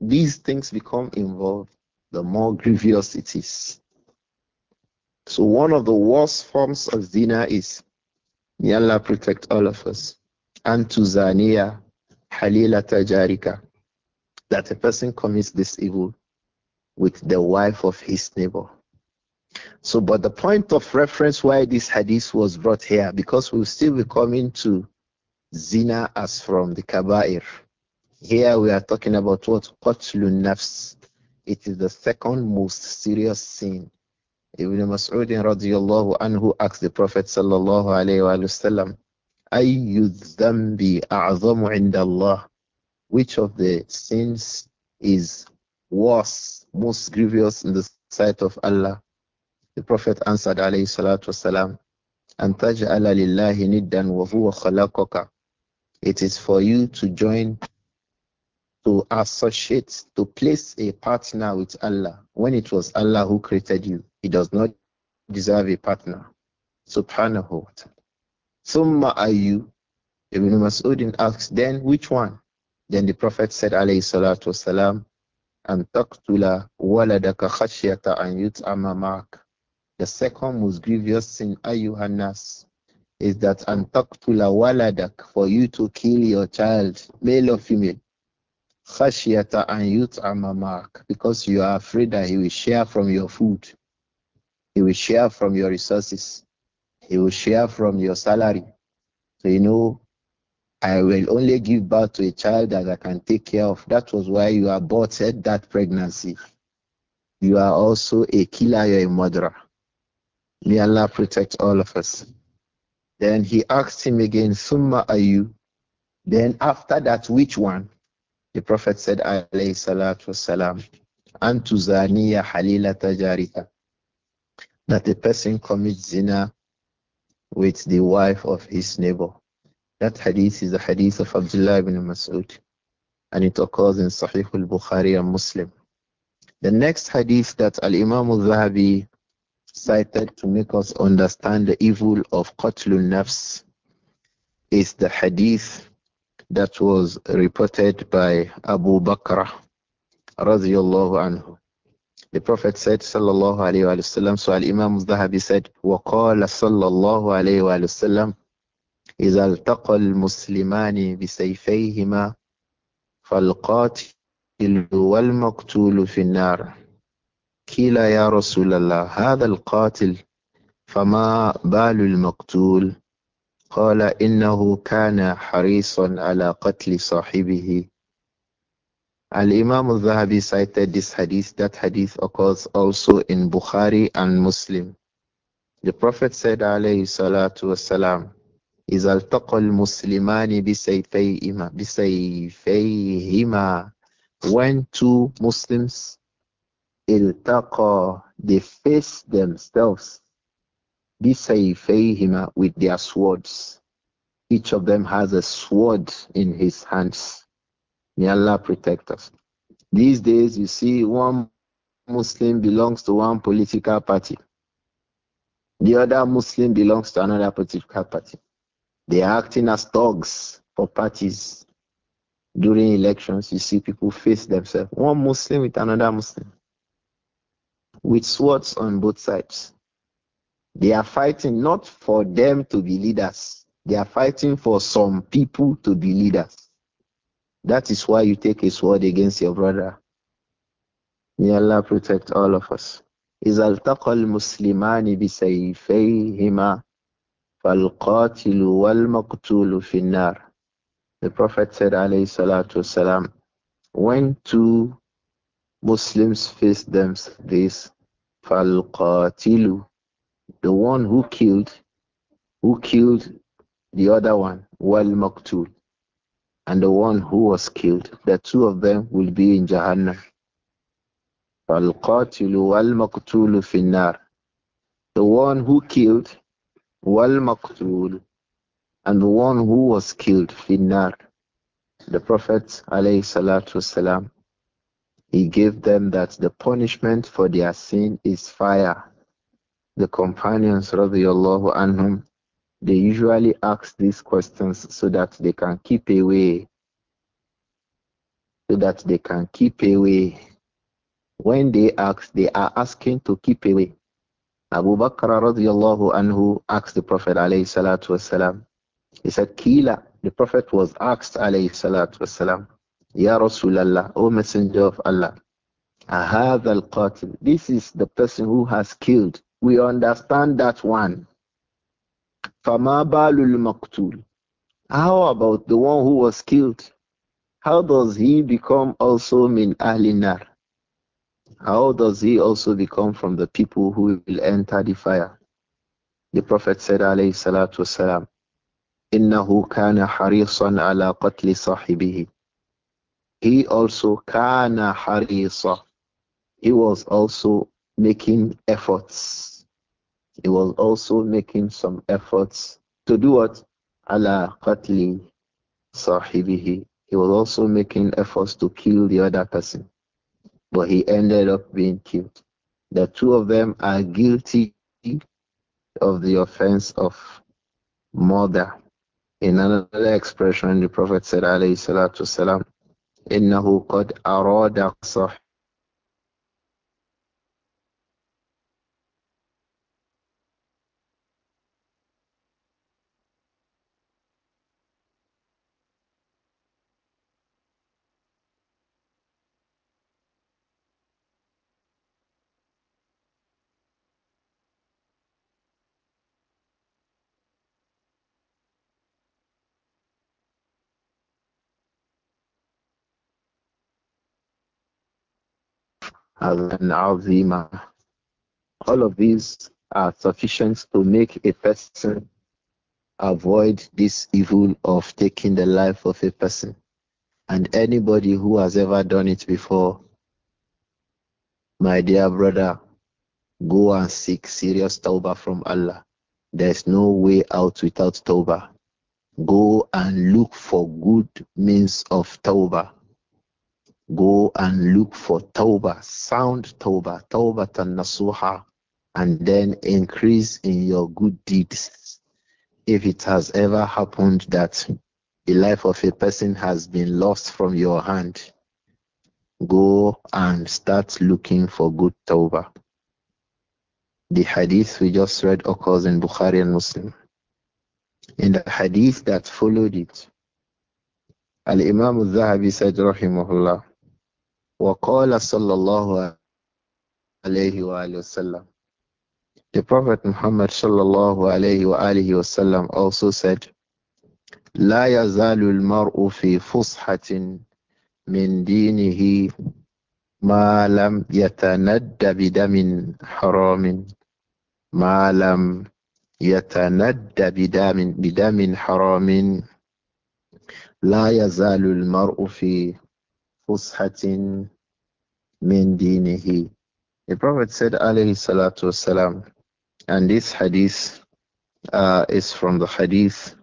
these things become involved, the more grievous it is. So one of the worst forms of zina is, may Allah protect all of us, antuzania halilata jarika, that a person commits this evil with the wife of his neighbor. So, but the point of reference why this hadith was brought here, because we'll still be coming to zina as from the kaba'ir. Here we are talking about what? Qatlun nafs. It is the second most serious sin. Ibn Mas'ud radiallahu anhu asked the Prophet sallallahu alayhi wa sallam, Ayyu dhambi a'zamu indallah. Which of the sins is worse, most grievous in the sight of Allah? The Prophet answered, alayhi salatu wasalam, أن لله ندا وهو خلقك. It is for you to join, to associate, to place a partner with Allah. When it was Allah who created you, He does not deserve a partner. Subhanahu wa ta'ala. Summa ayu. Ibn Mas'udin asked, then which one? Then the Prophet said, alayhi salatu wasalam, أن تقتل ولدك خشية أن يطعم معك the second most grievous sin, ayyuhannas, is that antaktula waladak, for you to kill your child, male or female. Khashiyata and yut'ama mark, because you are afraid that he will share from your food. He will share from your resources. He will share from your salary. So you know, I will only give birth to a child that I can take care of. That was why you aborted that pregnancy. You are also a killer, you're a murderer. May Allah protect all of us. Then he asked him again, Summa are you? Then after that, which one? The Prophet said, alayhi salatu wasalam, Antuzaniya halila tajarika. That a person commits zina with the wife of his neighbor. That hadith is the hadith of Abdullah ibn Mas'ud. And it occurs in Sahih al-Bukhari and Muslim. The next hadith that Al-Imam al-Zahabi cited to make us understand the evil of Qatlun Nafs is the hadith that was reported by Abu Bakr radiallahu anhu. The Prophet said, sallallahu alayhi wa sallam, so Al-Imam Zahabi said, وَقَالَ sallallahu alayhi wa sallam, إِذَا الْتَقَى الْمُسْلِمَانِ بِسَيْفَيْهِمَا فَالْقَاتِلُ وَالْمَقْتُولُ فِي النَّارِ قيل يا رسول الله هذا القاتل فما بال المقتول قال إنه كان حريصا على قتل صاحبه الإمام imam al-Zahabi cited this hadith. That hadith occurs also in Bukhari and Muslim. The Prophet said, عليه الصلاة والسلام إِذَا الْتَقَى الْمُسْلِمَانِ بِسَيْفَيْهِمَا When two Muslims iltaqa, they face themselves bisayfayhima with their swords. Each of them has a sword in his hands. May Allah protect us. These days, you see, one Muslim belongs to one political party. The other Muslim belongs to another political party. They are acting as dogs for parties. During elections, you see people face themselves. One Muslim with another Muslim with swords on both sides. They are fighting not for them to be leaders, they are fighting for some people to be leaders. That is why you take a sword against your brother. May Allah protect all of us. إذا المسلمان بسيفيهما فالقاتل والمقتول في النار. The Prophet said, alayhi salatu salam," when two Muslims face them this Falqatilu, the one who killed, who killed the other one, Wal Maktul, and the one who was killed. The two of them will be in Jahannam. فالقاتل wal في النار The one who killed wal-maktul, and the one who was killed في The Prophet عليه الصلاة والسلام he gave them that the punishment for their sin is fire. The companions, radiallahu anhum, they usually ask these questions so that they can keep away. So that they can keep away. When they ask, they are asking to keep away. Abu Bakr radiallahu anhu asked the Prophet alayhi salatu wasalam. He said, Kila, the Prophet was asked alayhi salatu wasalam, Ya Rasulallah, O Messenger of Allah, Ahad al Qatil. This is the person who has killed. We understand that one. Fama balul maqtul. How about the one who was killed? How does he become also min ahlinar? How does he also become from the people who will enter the fire? The Prophet said, alayhi salatu wasalam, Innahu kana harisun ala qatli sahibihi. He also kana harisa. He was also making efforts. He was also making some efforts to do what? Ala qatli sahibihi. He was also making efforts to kill the other person. But he ended up being killed. The two of them are guilty of the offense of murder. In another expression, the Prophet said, alayhi salatu salam, إنه قد أراد صح al-zima. All of these are sufficient to make a person avoid this evil of taking the life of a person. And anybody who has ever done it before, my dear brother, go and seek serious tawbah from Allah. There's no way out without tawbah. Go and look for good means of tawbah. Go and look for tawbah, sound tawbah, tawbah and nasuha, and then increase in your good deeds. If it has ever happened that the life of a person has been lost from your hand, go and start looking for good tawbah. The hadith we just read occurs in Bukhari and Muslim. In the hadith that followed it, Al Imam al Zahabi said, Rahimahullah, وقال صلى الله عليه وآله وسلم The Prophet Muhammad صلى الله عليه وآله وسلم also said لا يزال المرء في فصحة من دينه ما لم يتند بدم حرام ما لم يتند بدم بدم حرام لا يزال المرء في hatin min dinihi. The Prophet said, alayhi salatu wasalam, and this hadith uh, is from the hadith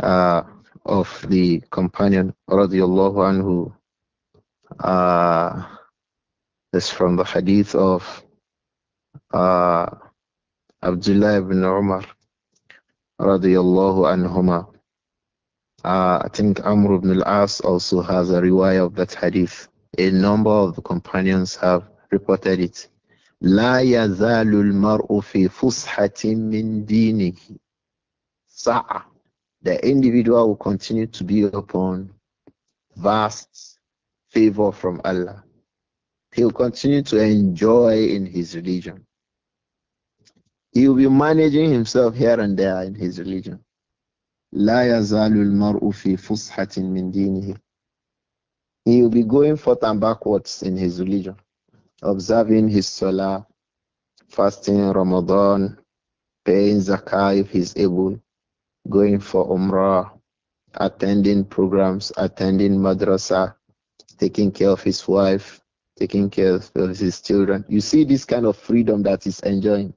uh, of the companion, radiallahu anhu. Uh, is from the hadith of uh, Abdullah ibn Umar, radiallahu anhumah. Uh, I think Amr ibn al-As also has a riwayah of that hadith. A number of the companions have reported it. لا يزال المرء في فسحة من دينه ساعة The individual will continue to be upon vast favor from Allah. He will continue to enjoy in his religion. He will be managing himself here and there in his religion. لا يزال المرء في فصحة من دينه He will be going forth and backwards in his religion, observing his salah, fasting Ramadan, paying zakah if he's able, going for umrah, attending programs, attending madrasa, taking care of his wife, taking care of his children. You see this kind of freedom that he's enjoying.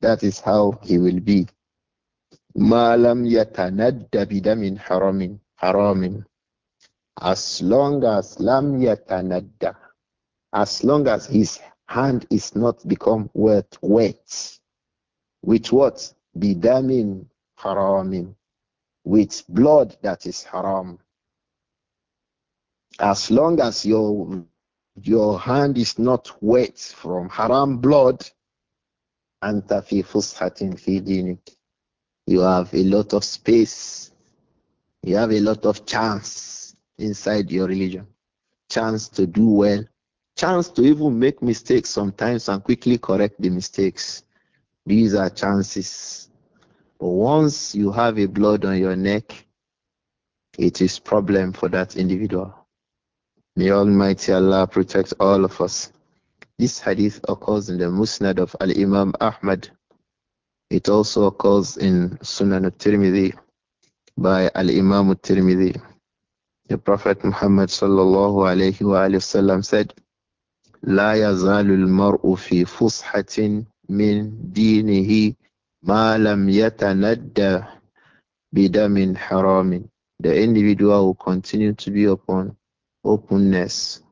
That is how he will be Malam yatanadda bidamin haramin haramin. As long as lam yatanadda, as long as his hand is not become wet, wet. With what? Bidamin haramin. With blood that is haram. As long as your your hand is not wet from haram blood, anta fi fushatin fi dinik you have a lot of space. You have a lot of chance inside your religion. Chance to do well. Chance to even make mistakes sometimes and quickly correct the mistakes. These are chances. But once you have a blood on your neck, it is problem for that individual. May Almighty Allah protect all of us. This hadith occurs in the Musnad of Al Imam Ahmad it also occurs in Sunan al-Tirmidhi by al-Imam al-Tirmidhi. The Prophet Muhammad sallallahu alayhi wa sallam said, لا يزال المرء في فصحة من دينه ما لم يتندى بدم حرام. The individual will continue to be upon openness,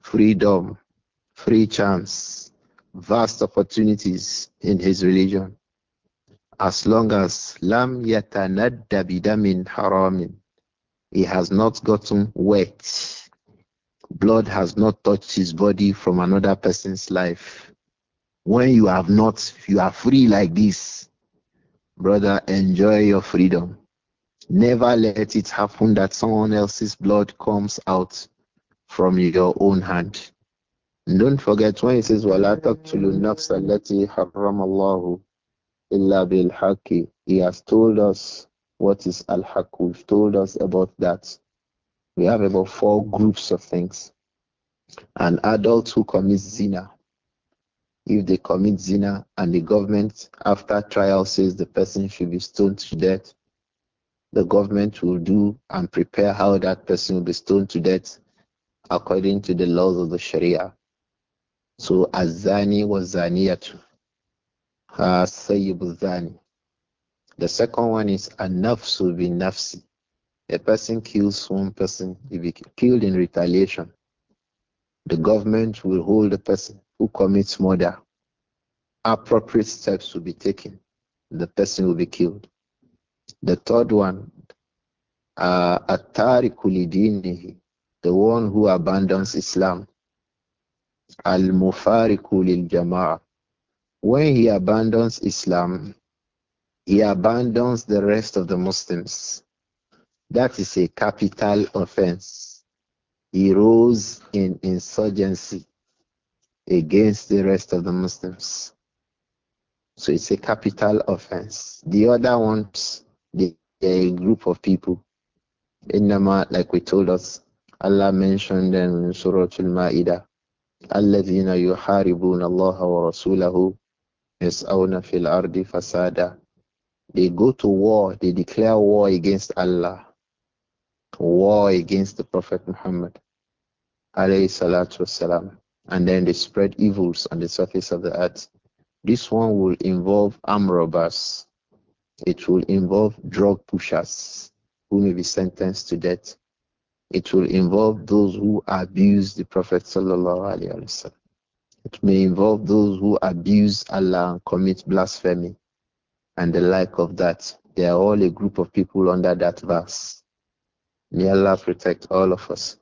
freedom, free chance, vast opportunities in his religion as long as lam yatanadda bidamin haramin he has not gotten wet blood has not touched his body from another person's life when you have not you are free like this brother enjoy your freedom never let it happen that someone else's blood comes out from your own hand and don't forget when it says wala taqtulun nafsa allati harrama Allahu illa bil haqqi. He has told us what is al haqq. We've told us about that. We have about four groups of things. An adult who commits zina. If they commit zina and the government, after trial, says the person should be stoned to death, the government will do and prepare how that person will be stoned to death according to the laws of the Sharia. So, Azani was Zaniyatu the second one is enough to bin nafsi. A person kills one person, if he killed in retaliation, the government will hold the person who commits murder. Appropriate steps will be taken. The person will be killed. The third one, atari uh, the one who abandons Islam. al mufarikul lil-Jama'ah, when he abandons Islam, he abandons the rest of the Muslims. That is a capital offense. He rose in insurgency against the rest of the Muslims. So it's a capital offense. The other ones, they a group of people. In Nama, like we told us, Allah mentioned them in Surah Al Ma'idah. الذين يحاربون الله ورسوله yas'awna fil ardi fasada. They go to war, they declare war against Allah, war against the Prophet Muhammad alayhi salatu wasalam. And then they spread evils on the surface of the earth. This one will involve armed robbers. It will involve drug pushers who may be sentenced to death. It will involve those who abuse the Prophet sallallahu alaihi wasallam. It may involve those who abuse Allah and commit blasphemy and the like of that. They are all a group of people under that verse. May Allah protect all of us.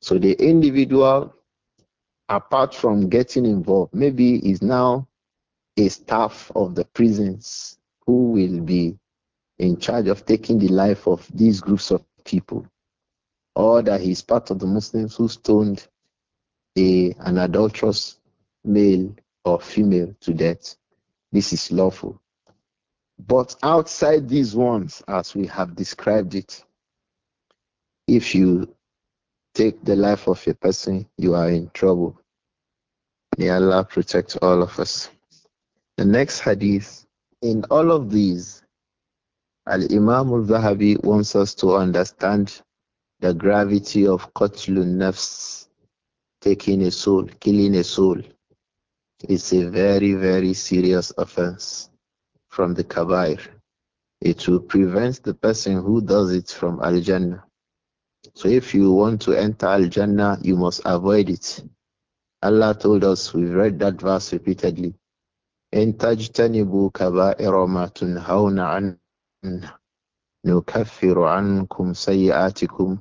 So the individual, apart from getting involved, maybe is now a staff of the prisons who will be in charge of taking the life of these groups of people, or that he's part of the Muslims who stoned a, an adulterous male or female to death, this is lawful. But outside these ones, as we have described it, if you take the life of a person, you are in trouble. May Allah protect all of us. The next hadith, in all of these, Al Imam al Zahabi wants us to understand the gravity of Qatlun Nafs taking a soul, killing a soul, is a very, very serious offense from the Kabair. It will prevent the person who does it from Al Jannah. So if you want to enter Al Jannah, you must avoid it. Allah told us, we've read that verse repeatedly. نكفر عنكم سيئاتكم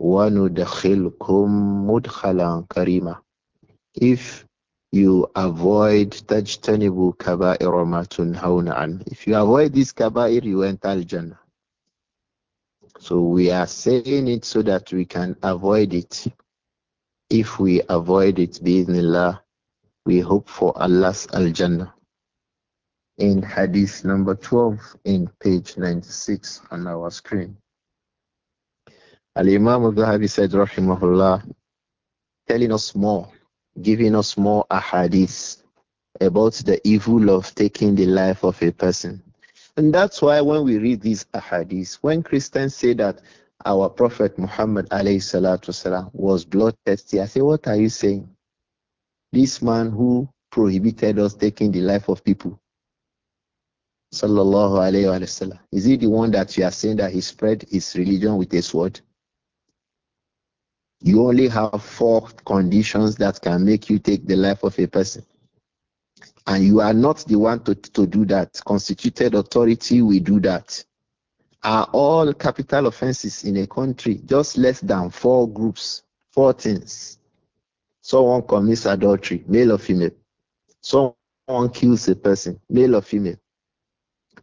وَنُدْخِلْكُمْ مُدْخَلًا كَرِيمًا If you avoid tajtanibu kaba'ira ma tunhauna an. If you avoid this kaba'ir, you enter Jannah. So we are saying it so that we can avoid it. If we avoid it, bi'idhnillah, we hope for Allah's al-Jannah. In hadith number 12 in page 96 on our screen. Al Imam al Zahabi said, Rahimahullah, telling us more, giving us more ahadith about the evil of taking the life of a person. And that's why when we read these ahadith, when Christians say that our Prophet Muhammad والسلام, was bloodthirsty, I say, What are you saying? This man who prohibited us taking the life of people. Sallallahu alayhi wa Is he the one that you are saying that he spread his religion with a sword? You only have four conditions that can make you take the life of a person. And you are not the one to, to do that. Constituted authority will do that. Are all capital offenses in a country just less than four groups, four things? Someone commits adultery, male or female. Someone kills a person, male or female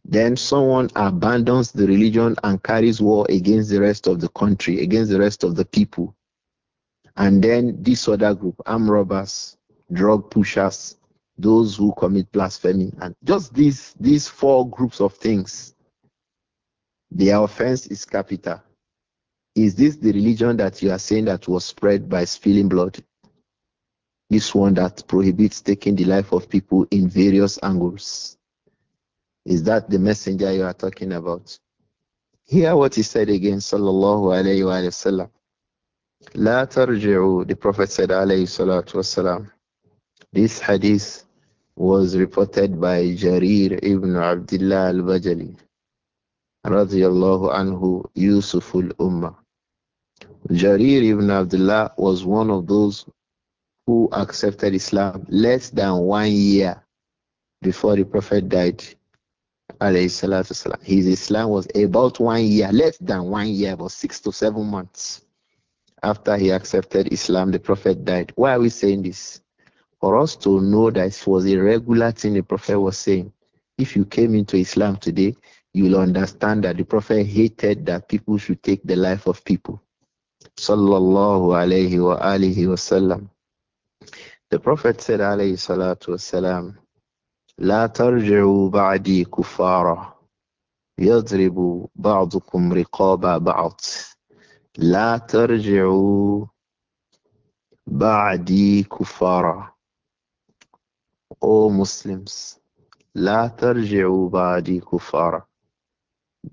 then someone abandons the religion and carries war against the rest of the country, against the rest of the people. And then this other group, armed robbers, drug pushers, those who commit blasphemy, and just these these four groups of things, their offense is capital. Is this the religion that you are saying that was spread by spilling blood? This one that prohibits taking the life of people in various angles. Is that the messenger you are talking about? Hear what he said again, sallallahu alayhi wa sallam. La tarji'u, the Prophet said, alayhi salatu wasalam. This hadith was reported by Jarir ibn Abdullah al-Bajali, radiyallahu anhu, Yusuf al-Ummah. Jarir ibn Abdullah was one of those who accepted Islam less than one year before the Prophet died. His Islam was about one year, less than one year, about six to seven months. After he accepted Islam, the Prophet died. Why are we saying this? For us to know that it was a regular thing the Prophet was saying. If you came into Islam today, you will understand that the Prophet hated that people should take the life of people. Sallallahu alayhi wa alihi wasallam. The Prophet said alayhi salatu wasalam, لا ترجعوا بعدي كفارا يضرب بعضكم رقاب بعض لا ترجعوا بعدي كفارا O oh, Muslims, لا ترجعوا بعدي كفارا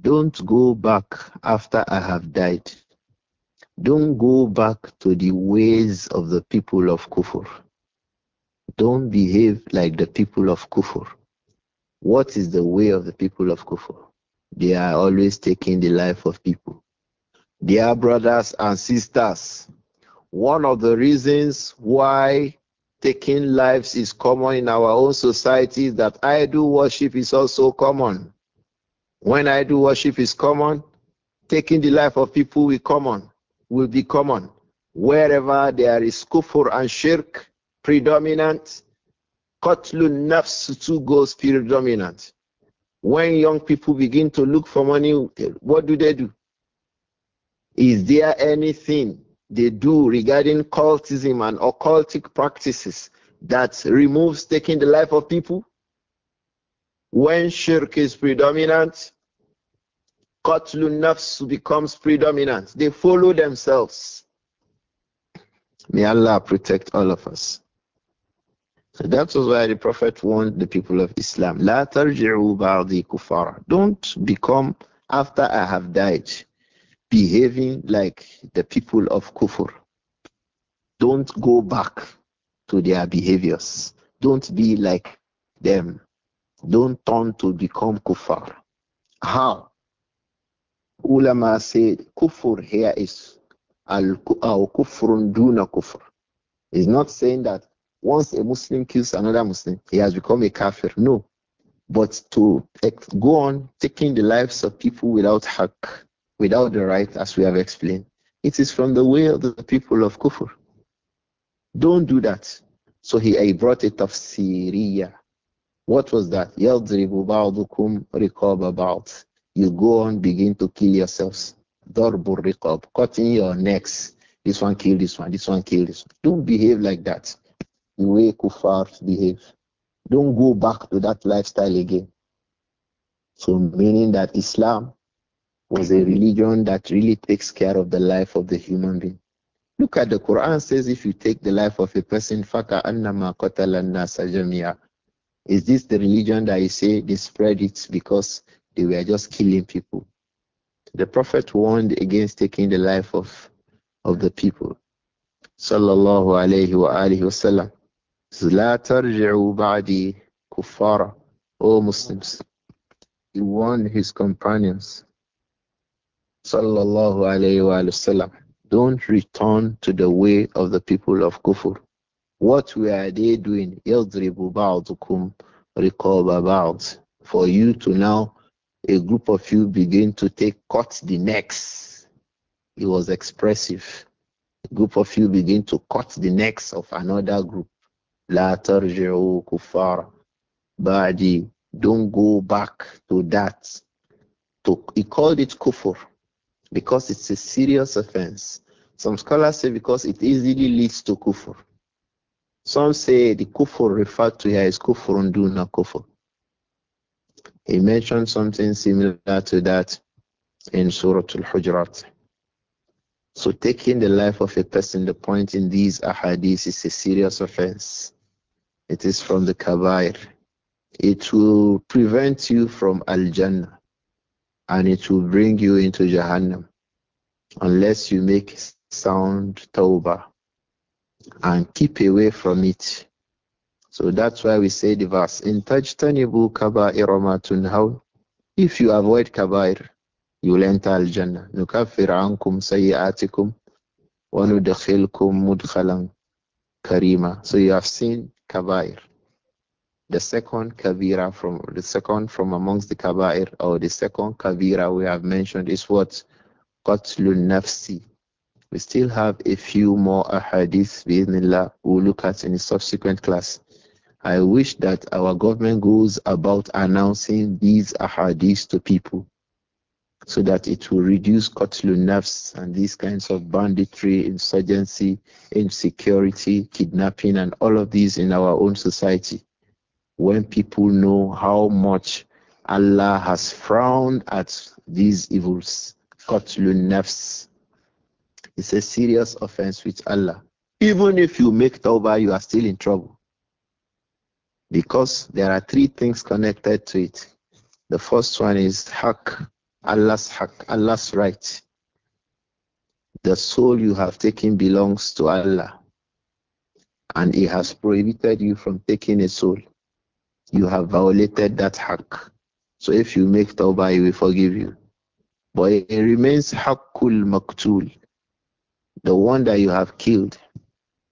Don't go back after I have died. Don't go back to the ways of the people of Kufur. Don't behave like the people of Kufur. What is the way of the people of Kufur? They are always taking the life of people. Dear brothers and sisters, one of the reasons why taking lives is common in our own society is that idol worship is also common. When idol worship is common, taking the life of people will common, will be common. Wherever there is kufr and shirk predominant, qatlun nafs too goes predominant. When young people begin to look for money, what do they do? Is there anything they do regarding cultism and occultic practices that removes taking the life of people? When shirk is predominant, kotlu nafs becomes predominant. They follow themselves. May Allah protect all of us. So that was why the Prophet warned the people of Islam, La tarji'u al kufara. Don't become after I have died behaving like the people of Kufur. Don't go back to their behaviors. Don't be like them. Don't turn to become Kufar. How? Ulama said Kufur here is al kufrun duna kufr. He's not saying that once a Muslim kills another Muslim, he has become a kafir. No. But to go on taking the lives of people without haqq, without the right, as we have explained. It is from the way of the people of Kufr. Don't do that. So he, he brought it of Syria. What was that? You go and begin to kill yourselves. ضَرْبُ الرِّقَابِ Cutting your necks. This one kill this one, this one kill this one. Don't behave like that. The way kuffar behave. Don't go back to that lifestyle again. So meaning that Islam was a religion that really takes care of the life of the human being. Look at the Quran says if you take the life of a person, faka annama sajamia. Is this the religion that you say they spread it because they were just killing people? The Prophet warned against taking the life of of the people. Sallallahu alayhi wa wasallam. La tarji'u ba'di kuffara. O Muslims. He warned his companions sallallahu alayhi wa sallam. Don't return to the way of the people of Kufur. What were they doing? يَضْرِبُ بَعْضُكُمْ رِقَابَ بَعْضٍ For you to now, a group of you begin to take cut the necks. It was expressive. A group of you begin to cut the necks of another group. La ترجعوا تَرْجِعُوا Badi. بَعْدِي Don't go back to that. To, he called it kufur because it's a serious offense. Some scholars say because it easily leads to kufr. Some say the kufr referred to here is kufrun duna kufr. He mentioned something similar to that in Surah Al-Hujurat. So taking the life of a person, the point in these ahadith is a serious offense. It is from the kabair. It will prevent you from al-Jannah and it will bring you into Jahannam unless you make sound tawbah and keep away from it. So that's why we say the verse in Tajtanibu Kaba'iramatun if you avoid Kabair, you will enter Al Jannah. Nukafir ankum sayyatikum wa nudkhilkum mudkhalan karima. So you have seen Kabair the second kavira from the second from amongst the kabair or the second kavira we have mentioned is what qatlun nafsi we still have a few more ahadith bismillah we'll look at in the subsequent class i wish that our government goes about announcing these ahadith to people so that it will reduce qatlun nafs and these kinds of banditry, insurgency, insecurity, kidnapping, and all of these in our own society when people know how much Allah has frowned at these evils. Qatlun nafs. It's a serious offense with Allah. Even if you make tawbah, you are still in trouble. Because there are three things connected to it. The first one is haq, Allah's haq, Allah's right. The soul you have taken belongs to Allah, and He has prohibited you from taking a soul you have violated that hak. So if you make tawbah, he will forgive you. But it remains haqqul maktul, the one that you have killed.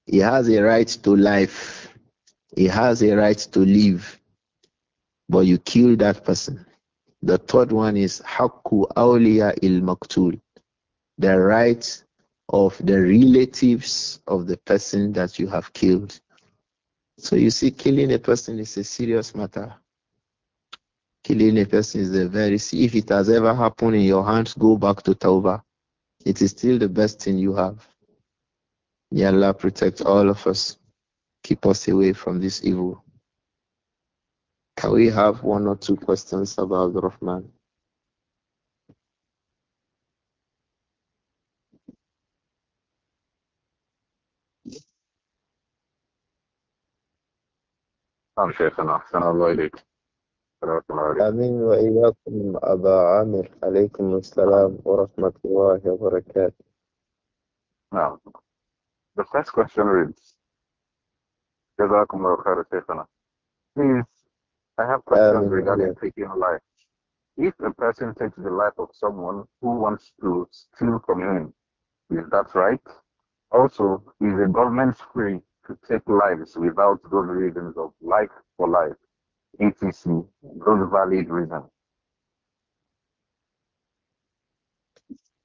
He has a right to life. He has a right to live. But you kill that person. The third one is haqqu awliya il maktul, the right of the relatives of the person that you have killed. So you see, killing a person is a serious matter. Killing a person is a very see if it has ever happened in your hands, go back to Tauba. It is still the best thing you have. May Allah protect all of us. Keep us away from this evil. Can we have one or two questions about the Rahman? نعم آمين وإياكم أبا عامر عليكم السلام ورحمة الله وبركاته نعم The first question reads جزاكم الله خير شيخنا Please, I have questions um, regarding taking life. If a person takes the life of someone who wants to steal from him, is that right? Also, is the government free to take lives without those reasons of life for life, etc., those valid reasons?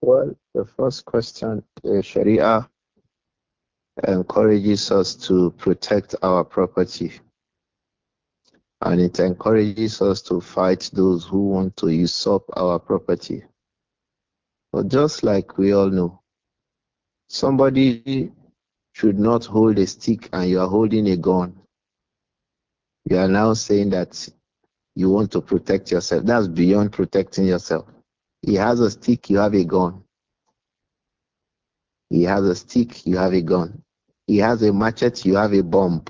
Well, the first question, uh, Sharia encourages us to protect our property and it encourages us to fight those who want to usurp our property. But just like we all know, somebody should not hold a stick and you are holding a gun. You are now saying that you want to protect yourself. That's beyond protecting yourself. He has a stick, you have a gun. He has a stick, you have a gun. He has a machete, you have a bomb.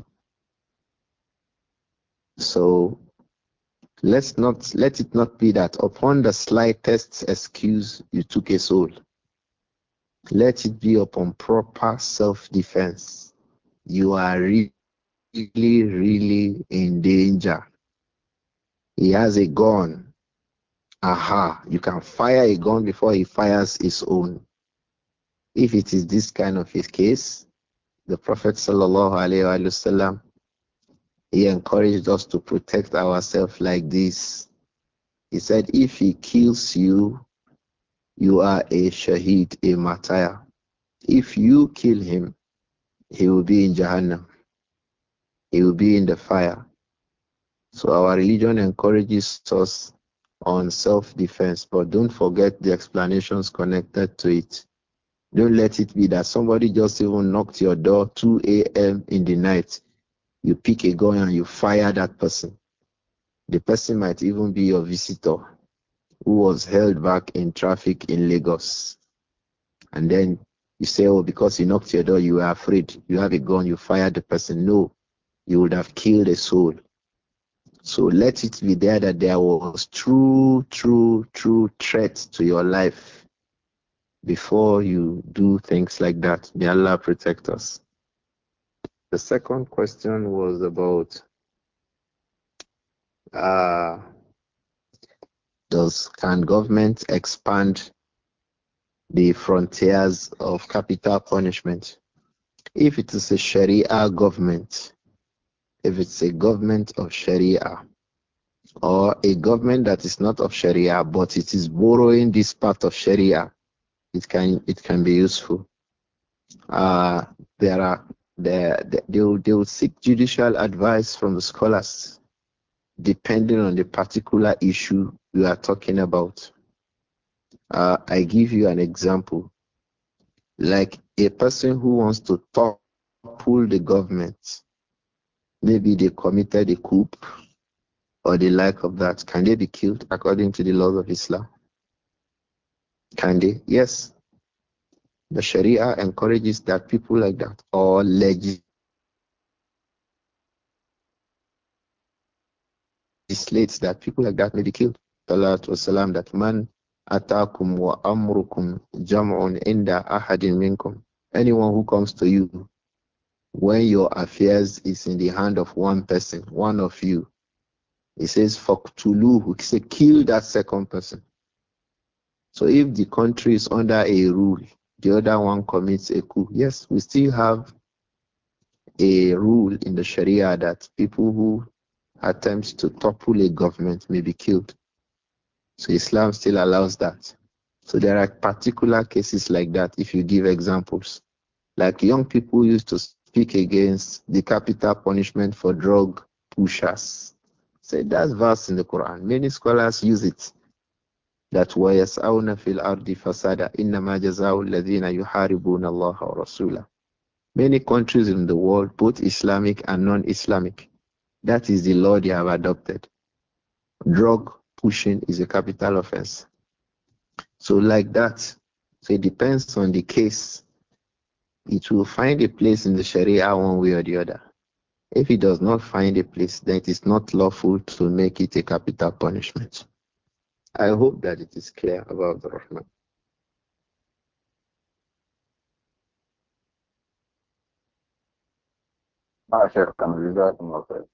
So let's not let it not be that upon the slightest excuse you took a soul. Let it be upon proper self defense. You are really, really in danger. He has a gun. Aha, you can fire a gun before he fires his own. If it is this kind of his case, the Prophet wasallam he encouraged us to protect ourselves like this. He said, If he kills you, you are a shaheed, a martyr. If you kill him, he will be in Jahannam. He will be in the fire. So our religion encourages us on self defense, but don't forget the explanations connected to it. Don't let it be that somebody just even knocked your door 2 a.m. in the night. You pick a gun and you fire that person. The person might even be your visitor who was held back in traffic in Lagos. And then you say, oh, because he knocked your door, you were afraid. You have a gun, you fired the person. No, you would have killed a soul. So let it be there that there was true, true, true threat to your life before you do things like that. May Allah protect us. The second question was about uh, does can government expand the frontiers of capital punishment? If it is a Sharia government, if it's a government of Sharia, or a government that is not of Sharia but it is borrowing this part of Sharia, it can it can be useful. Uh, there are they, will, they will seek judicial advice from the scholars depending on the particular issue we are talking about. Uh, I give you an example. Like a person who wants to topple the government, maybe they committed a coup or the like of that. Can they be killed according to the laws of Islam? Can they? Yes. The Sharia encourages that people like that or legis legislates that people like that may be killed salatu wasalam that man atakum wa amrukum jam'un inda ahadin minkum. Anyone who comes to you when your affairs is in the hand of one person, one of you, he says faktulu, He says kill that second person. So if the country is under a rule, the other one commits a coup. Yes, we still have a rule in the Sharia that people who attempt to topple a government may be killed. So Islam still allows that. So there are particular cases like that if you give examples. Like young people used to speak against the capital punishment for drug pushers. Say so that verse in the Quran. Many scholars use it. That وَيَسْعَوْنَ فِي الْأَرْضِ فَسَادًا إِنَّمَا جَزَاءُ الَّذِينَ يُحَارِبُونَ اللَّهَ وَرَسُولَهُ Many countries in the world, both Islamic and non-Islamic, that is the law they have adopted. Drug pushing is a capital offense. So, like that, so it depends on the case. It will find a place in the Sharia one way or the other. If it does not find a place, then it is not lawful to make it a capital punishment. I hope that it is clear about the Rahman. ما شيخنا جزاكم الله خير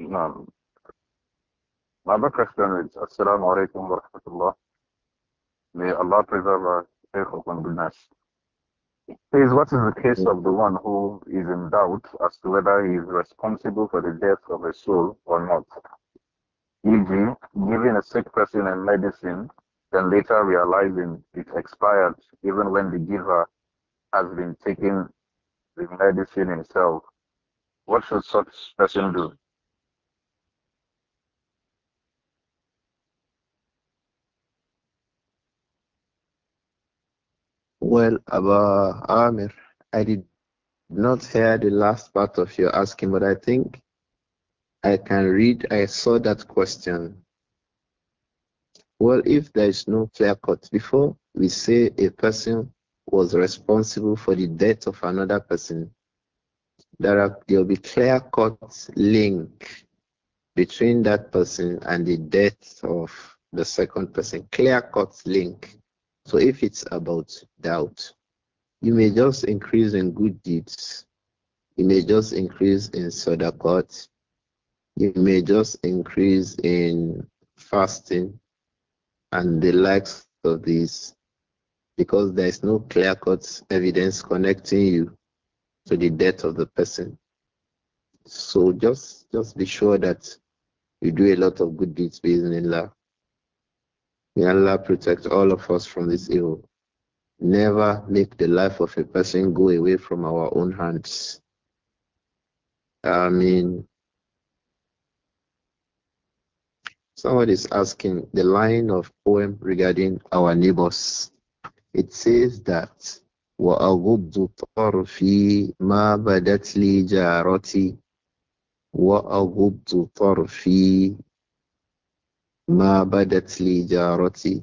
نعم My question is, Assalamu alaikum wa rahmatullah. May Allah preserve our Shaykh Ibn Bilnas. Please, what is the case of the one who is in doubt as to whether he is responsible for the death of a soul or not? E.g., giving a sick person a medicine, then later realizing it expired even when the giver has been taking the medicine himself. What should such person do? Well, Abba Amir, I did not hear the last part of your asking, but I think I can read. I saw that question. Well, if there is no clear cut, before we say a person was responsible for the death of another person, there are there will be clear cut link between that person and the death of the second person. Clear cut link. So if it's about doubt, you may just increase in good deeds. You may just increase in sadaqat. You may just increase in fasting and the likes of these because there is no clear cut evidence connecting you to the death of the person. So just just be sure that you do a lot of good deeds based in Allah May Allah protect all of us from this evil. Never make the life of a person go away from our own hands. I mean, someone is asking the line of poem regarding our neighbors. It says that وأغض طرفي ما بدت لي جارتي وأغض طرفي ما بدت لي جارتي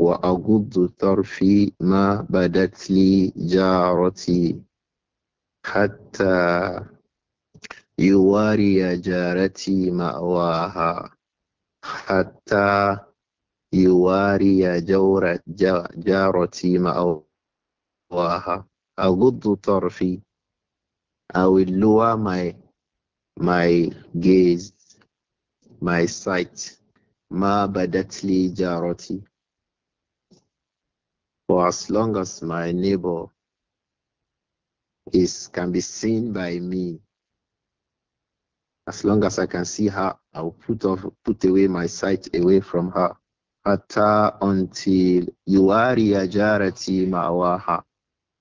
وأغض طرفي ما بدت لي جارتي حتى يواري جارتي مأواها حتى يواري جورة جارتي مأواها أغض طرفي I will lower my my gaze my sight. Ma badatli jarati. For as long as my neighbor is can be seen by me, as long as I can see her, I'll put off put away my sight away from her. Hatta until yuari jarati ma'waha.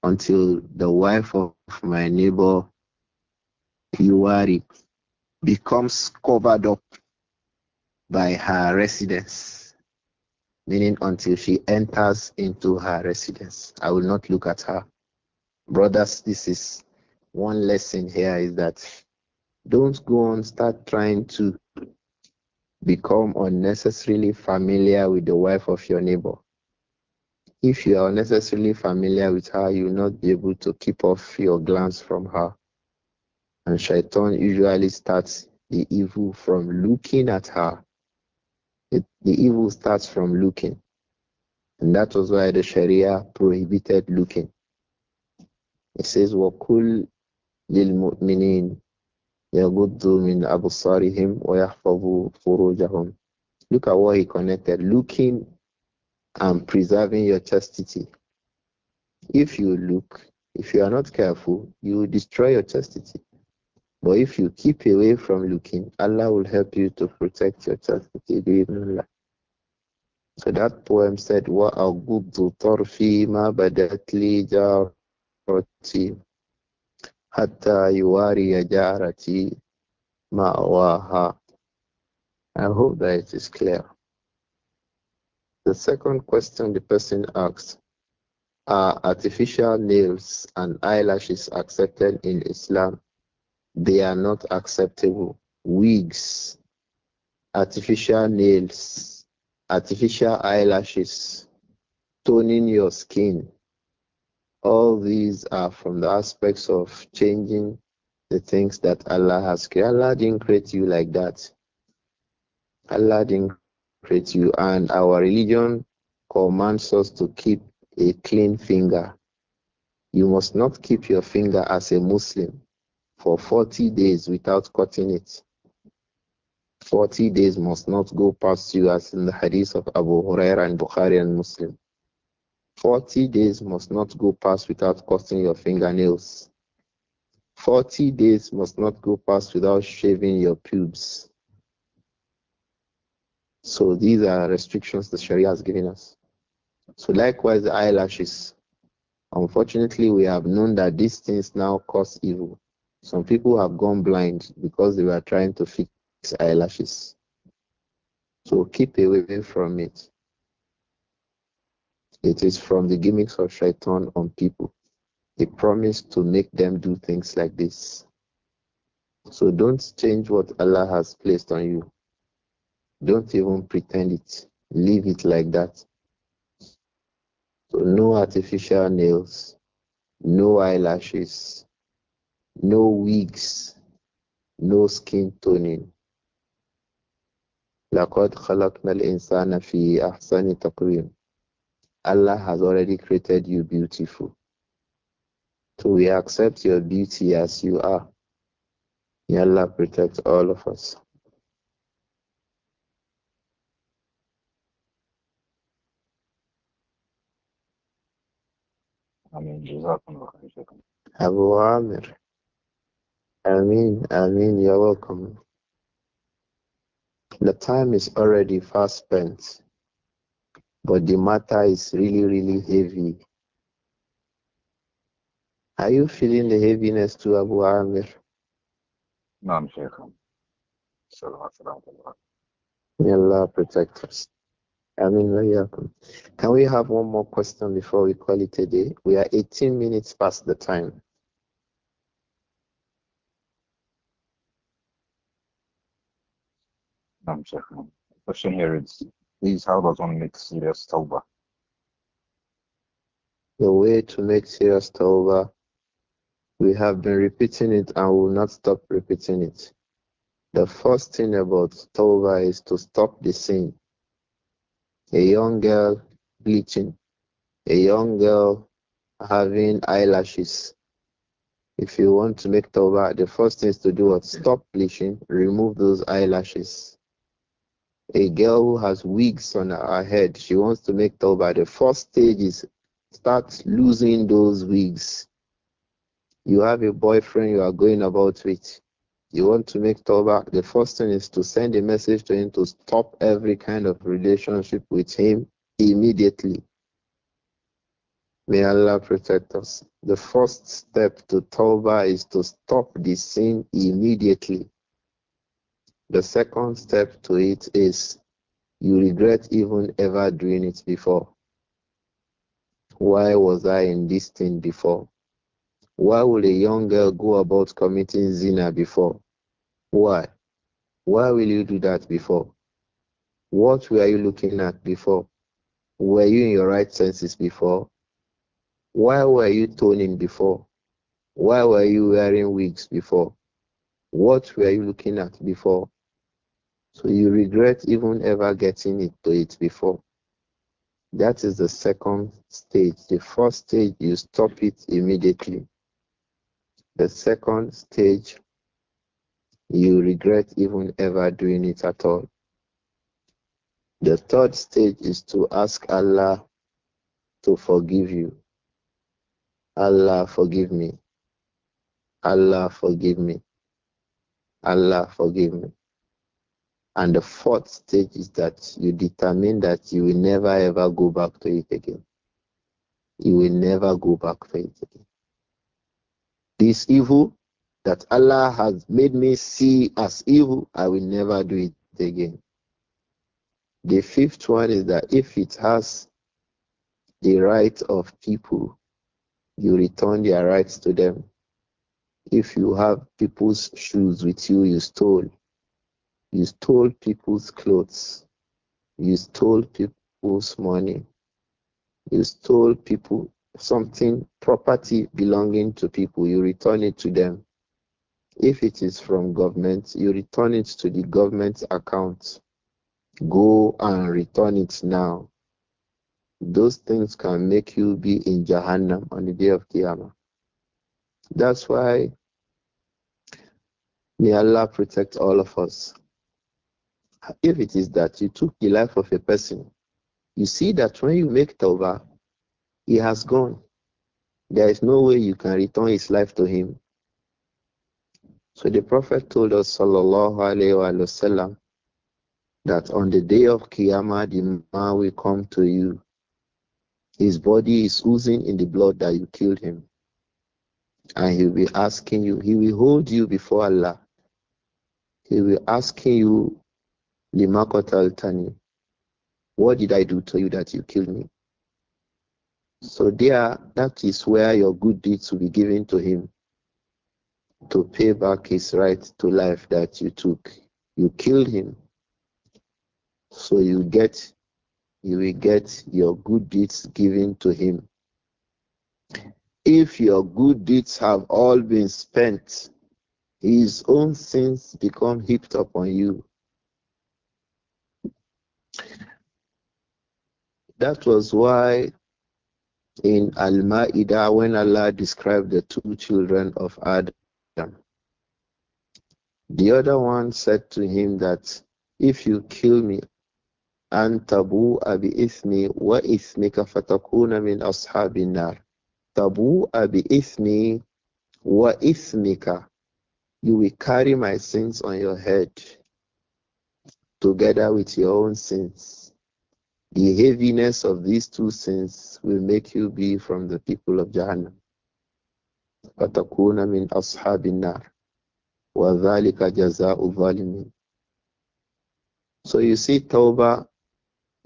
Until the wife of my neighbor Yuari becomes covered up by her residence, meaning until she enters into her residence. I will not look at her. Brothers, this is one lesson here is that don't go and start trying to become unnecessarily familiar with the wife of your neighbor. If you are unnecessarily familiar with her, you will not be able to keep off your glance from her. And shaitan usually starts the evil from looking at her. It, the evil starts from looking. And that was why the Sharia prohibited looking. It says, وَكُلْ لِلْمُؤْمِنِينَ يَغُضُّوا مِنْ أَبْصَارِهِمْ وَيَحْفَظُوا فُرُوجَهُمْ Look at what he connected. Looking and preserving your chastity. If you look, if you are not careful, you will destroy your chastity. But if you keep away from looking, Allah will help you to protect your chastity. So that poem said, Wa aguddu tarfi ma badatli li jarati hatta yuwari jarati ma'waha. I hope that it is clear. The second question the person asked, are artificial nails and eyelashes accepted in Islam? They are not acceptable. Wigs, artificial nails, artificial eyelashes, toning your skin. All these are from the aspects of changing the things that Allah has created. Allah didn't create you like that. Allah didn't create you, and our religion commands us to keep a clean finger. You must not keep your finger as a Muslim for 40 days without cutting it. 40 days must not go past you, as in the hadith of Abu Huraira and Bukhari and Muslim. 40 days must not go past without cutting your fingernails. 40 days must not go past without shaving your pubes. So these are restrictions the Sharia has given us. So likewise, the eyelashes. Unfortunately, we have known that these things now cause evil. Some people have gone blind because they were trying to fix eyelashes. So keep away from it. It is from the gimmicks of shaitan on people. He promised to make them do things like this. So don't change what Allah has placed on you. Don't even pretend it. Leave it like that. So no artificial nails, no eyelashes, no wigs, no skin toning. لقد خلقنا الإنسان في أحسن تقويم. Allah has already created you beautiful. So we accept your beauty as you are. May Allah protect all of us. Amen. I mean, I mean, you're welcome. The time is already fast spent, but the matter is really, really heavy. Are you feeling the heaviness too, Abu Amir? No, I'm Shaykh. May Allah protect us. I mean, can we have one more question before we call it a day? We are 18 minutes past the time. checking. The question here is please how does one make serious tawbah the way to make serious tawbah we have been repeating it and will not stop repeating it the first thing about tawbah is to stop the sin a young girl bleaching a young girl having eyelashes if you want to make tawbah the first thing is to do what stop bleaching remove those eyelashes a girl who has wigs on her head, she wants to make tawbah. The first stage is start losing those wigs. You have a boyfriend you are going about with. You want to make tawbah. The first thing is to send a message to him to stop every kind of relationship with him immediately. May Allah protect us. The first step to tawbah is to stop the sin immediately. The second step to it is you regret even ever doing it before. Why was I in this thing before? Why would a young girl go about committing zina before? Why? Why will you do that before? What were you looking at before? Were you in your right senses before? Why were you toning before? Why were you wearing wigs before? What were you looking at before? So you regret even ever getting it to it before. That is the second stage. The first stage, you stop it immediately. The second stage, you regret even ever doing it at all. The third stage is to ask Allah to forgive you. Allah, forgive me. Allah, forgive me. Allah, forgive me. And the fourth stage is that you determine that you will never ever go back to it again. You will never go back to it again. This evil that Allah has made me see as evil, I will never do it again. The fifth one is that if it has the right of people, you return their rights to them. If you have people's shoes with you, you stole you stole people's clothes. You stole people's money. You stole people something, property belonging to people. You return it to them. If it is from government, you return it to the government account. Go and return it now. Those things can make you be in Jahannam on the day of Qiyamah. That's why may Allah protect all of us if it is that you took the life of a person, you see that when you make tawbah, he has gone. There is no way you can return his life to him. So the Prophet told us, sallallahu alaihi wasallam, that on the day of Qiyamah, the man will come to you. His body is oozing in the blood that you killed him. And he will be asking you, he will hold you before Allah. He will asking you Lima What did I do to you that you killed me? So there, that is where your good deeds will be given to him to pay back his right to life that you took. You killed him. So you get you will get your good deeds given to him. If your good deeds have all been spent, his own sins become heaped upon you. That was why in Al Ma'idah, when Allah described the two children of Adam, the other one said to him that if you kill me, wa تبوء fatakuna min ashabin من tabu abi تبوء wa وإثمك You will carry my sins on your head together with your own sins the heaviness of these two sins will make you be from the people of Jahannam. So you see, Tawbah,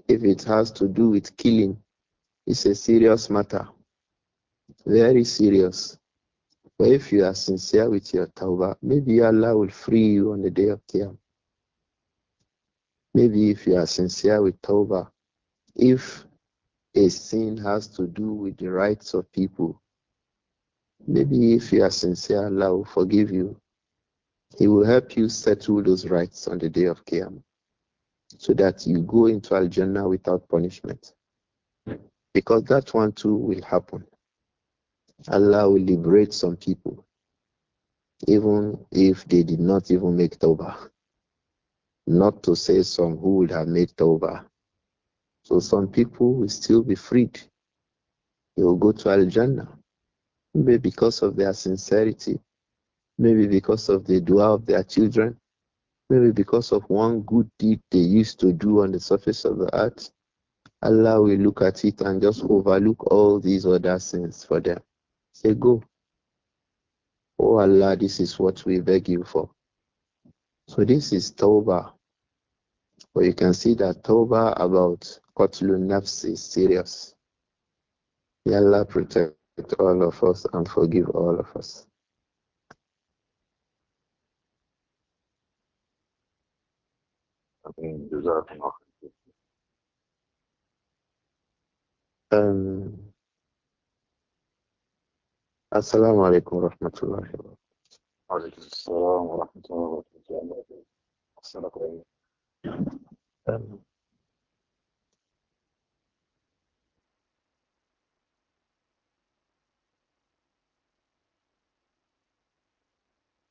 if it has to do with killing, it's a serious matter. Very serious. But if you are sincere with your tawbah, maybe Allah will free you on the day of Qiyam. Maybe if you are sincere with tawbah, if a sin has to do with the rights of people, maybe if you are sincere, Allah will forgive you. He will help you settle those rights on the day of Qiyamah so that you go into Al Jannah without punishment. Because that one too will happen. Allah will liberate some people, even if they did not even make Tawbah. Not to say some who would have made Tawbah. So some people will still be freed. They will go to Al Jannah. Maybe because of their sincerity, maybe because of the dua of their children, maybe because of one good deed they used to do on the surface of the earth. Allah will look at it and just overlook all these other sins for them. Say, go. Oh Allah, this is what we beg you for. So this is Tawbah. But you can see that Tawbah about but Qatlu Nafsi is serious. May Allah protect all of us and forgive all of us. Um, assalamu alaikum wa rahmatullahi wa barakatuh. Um,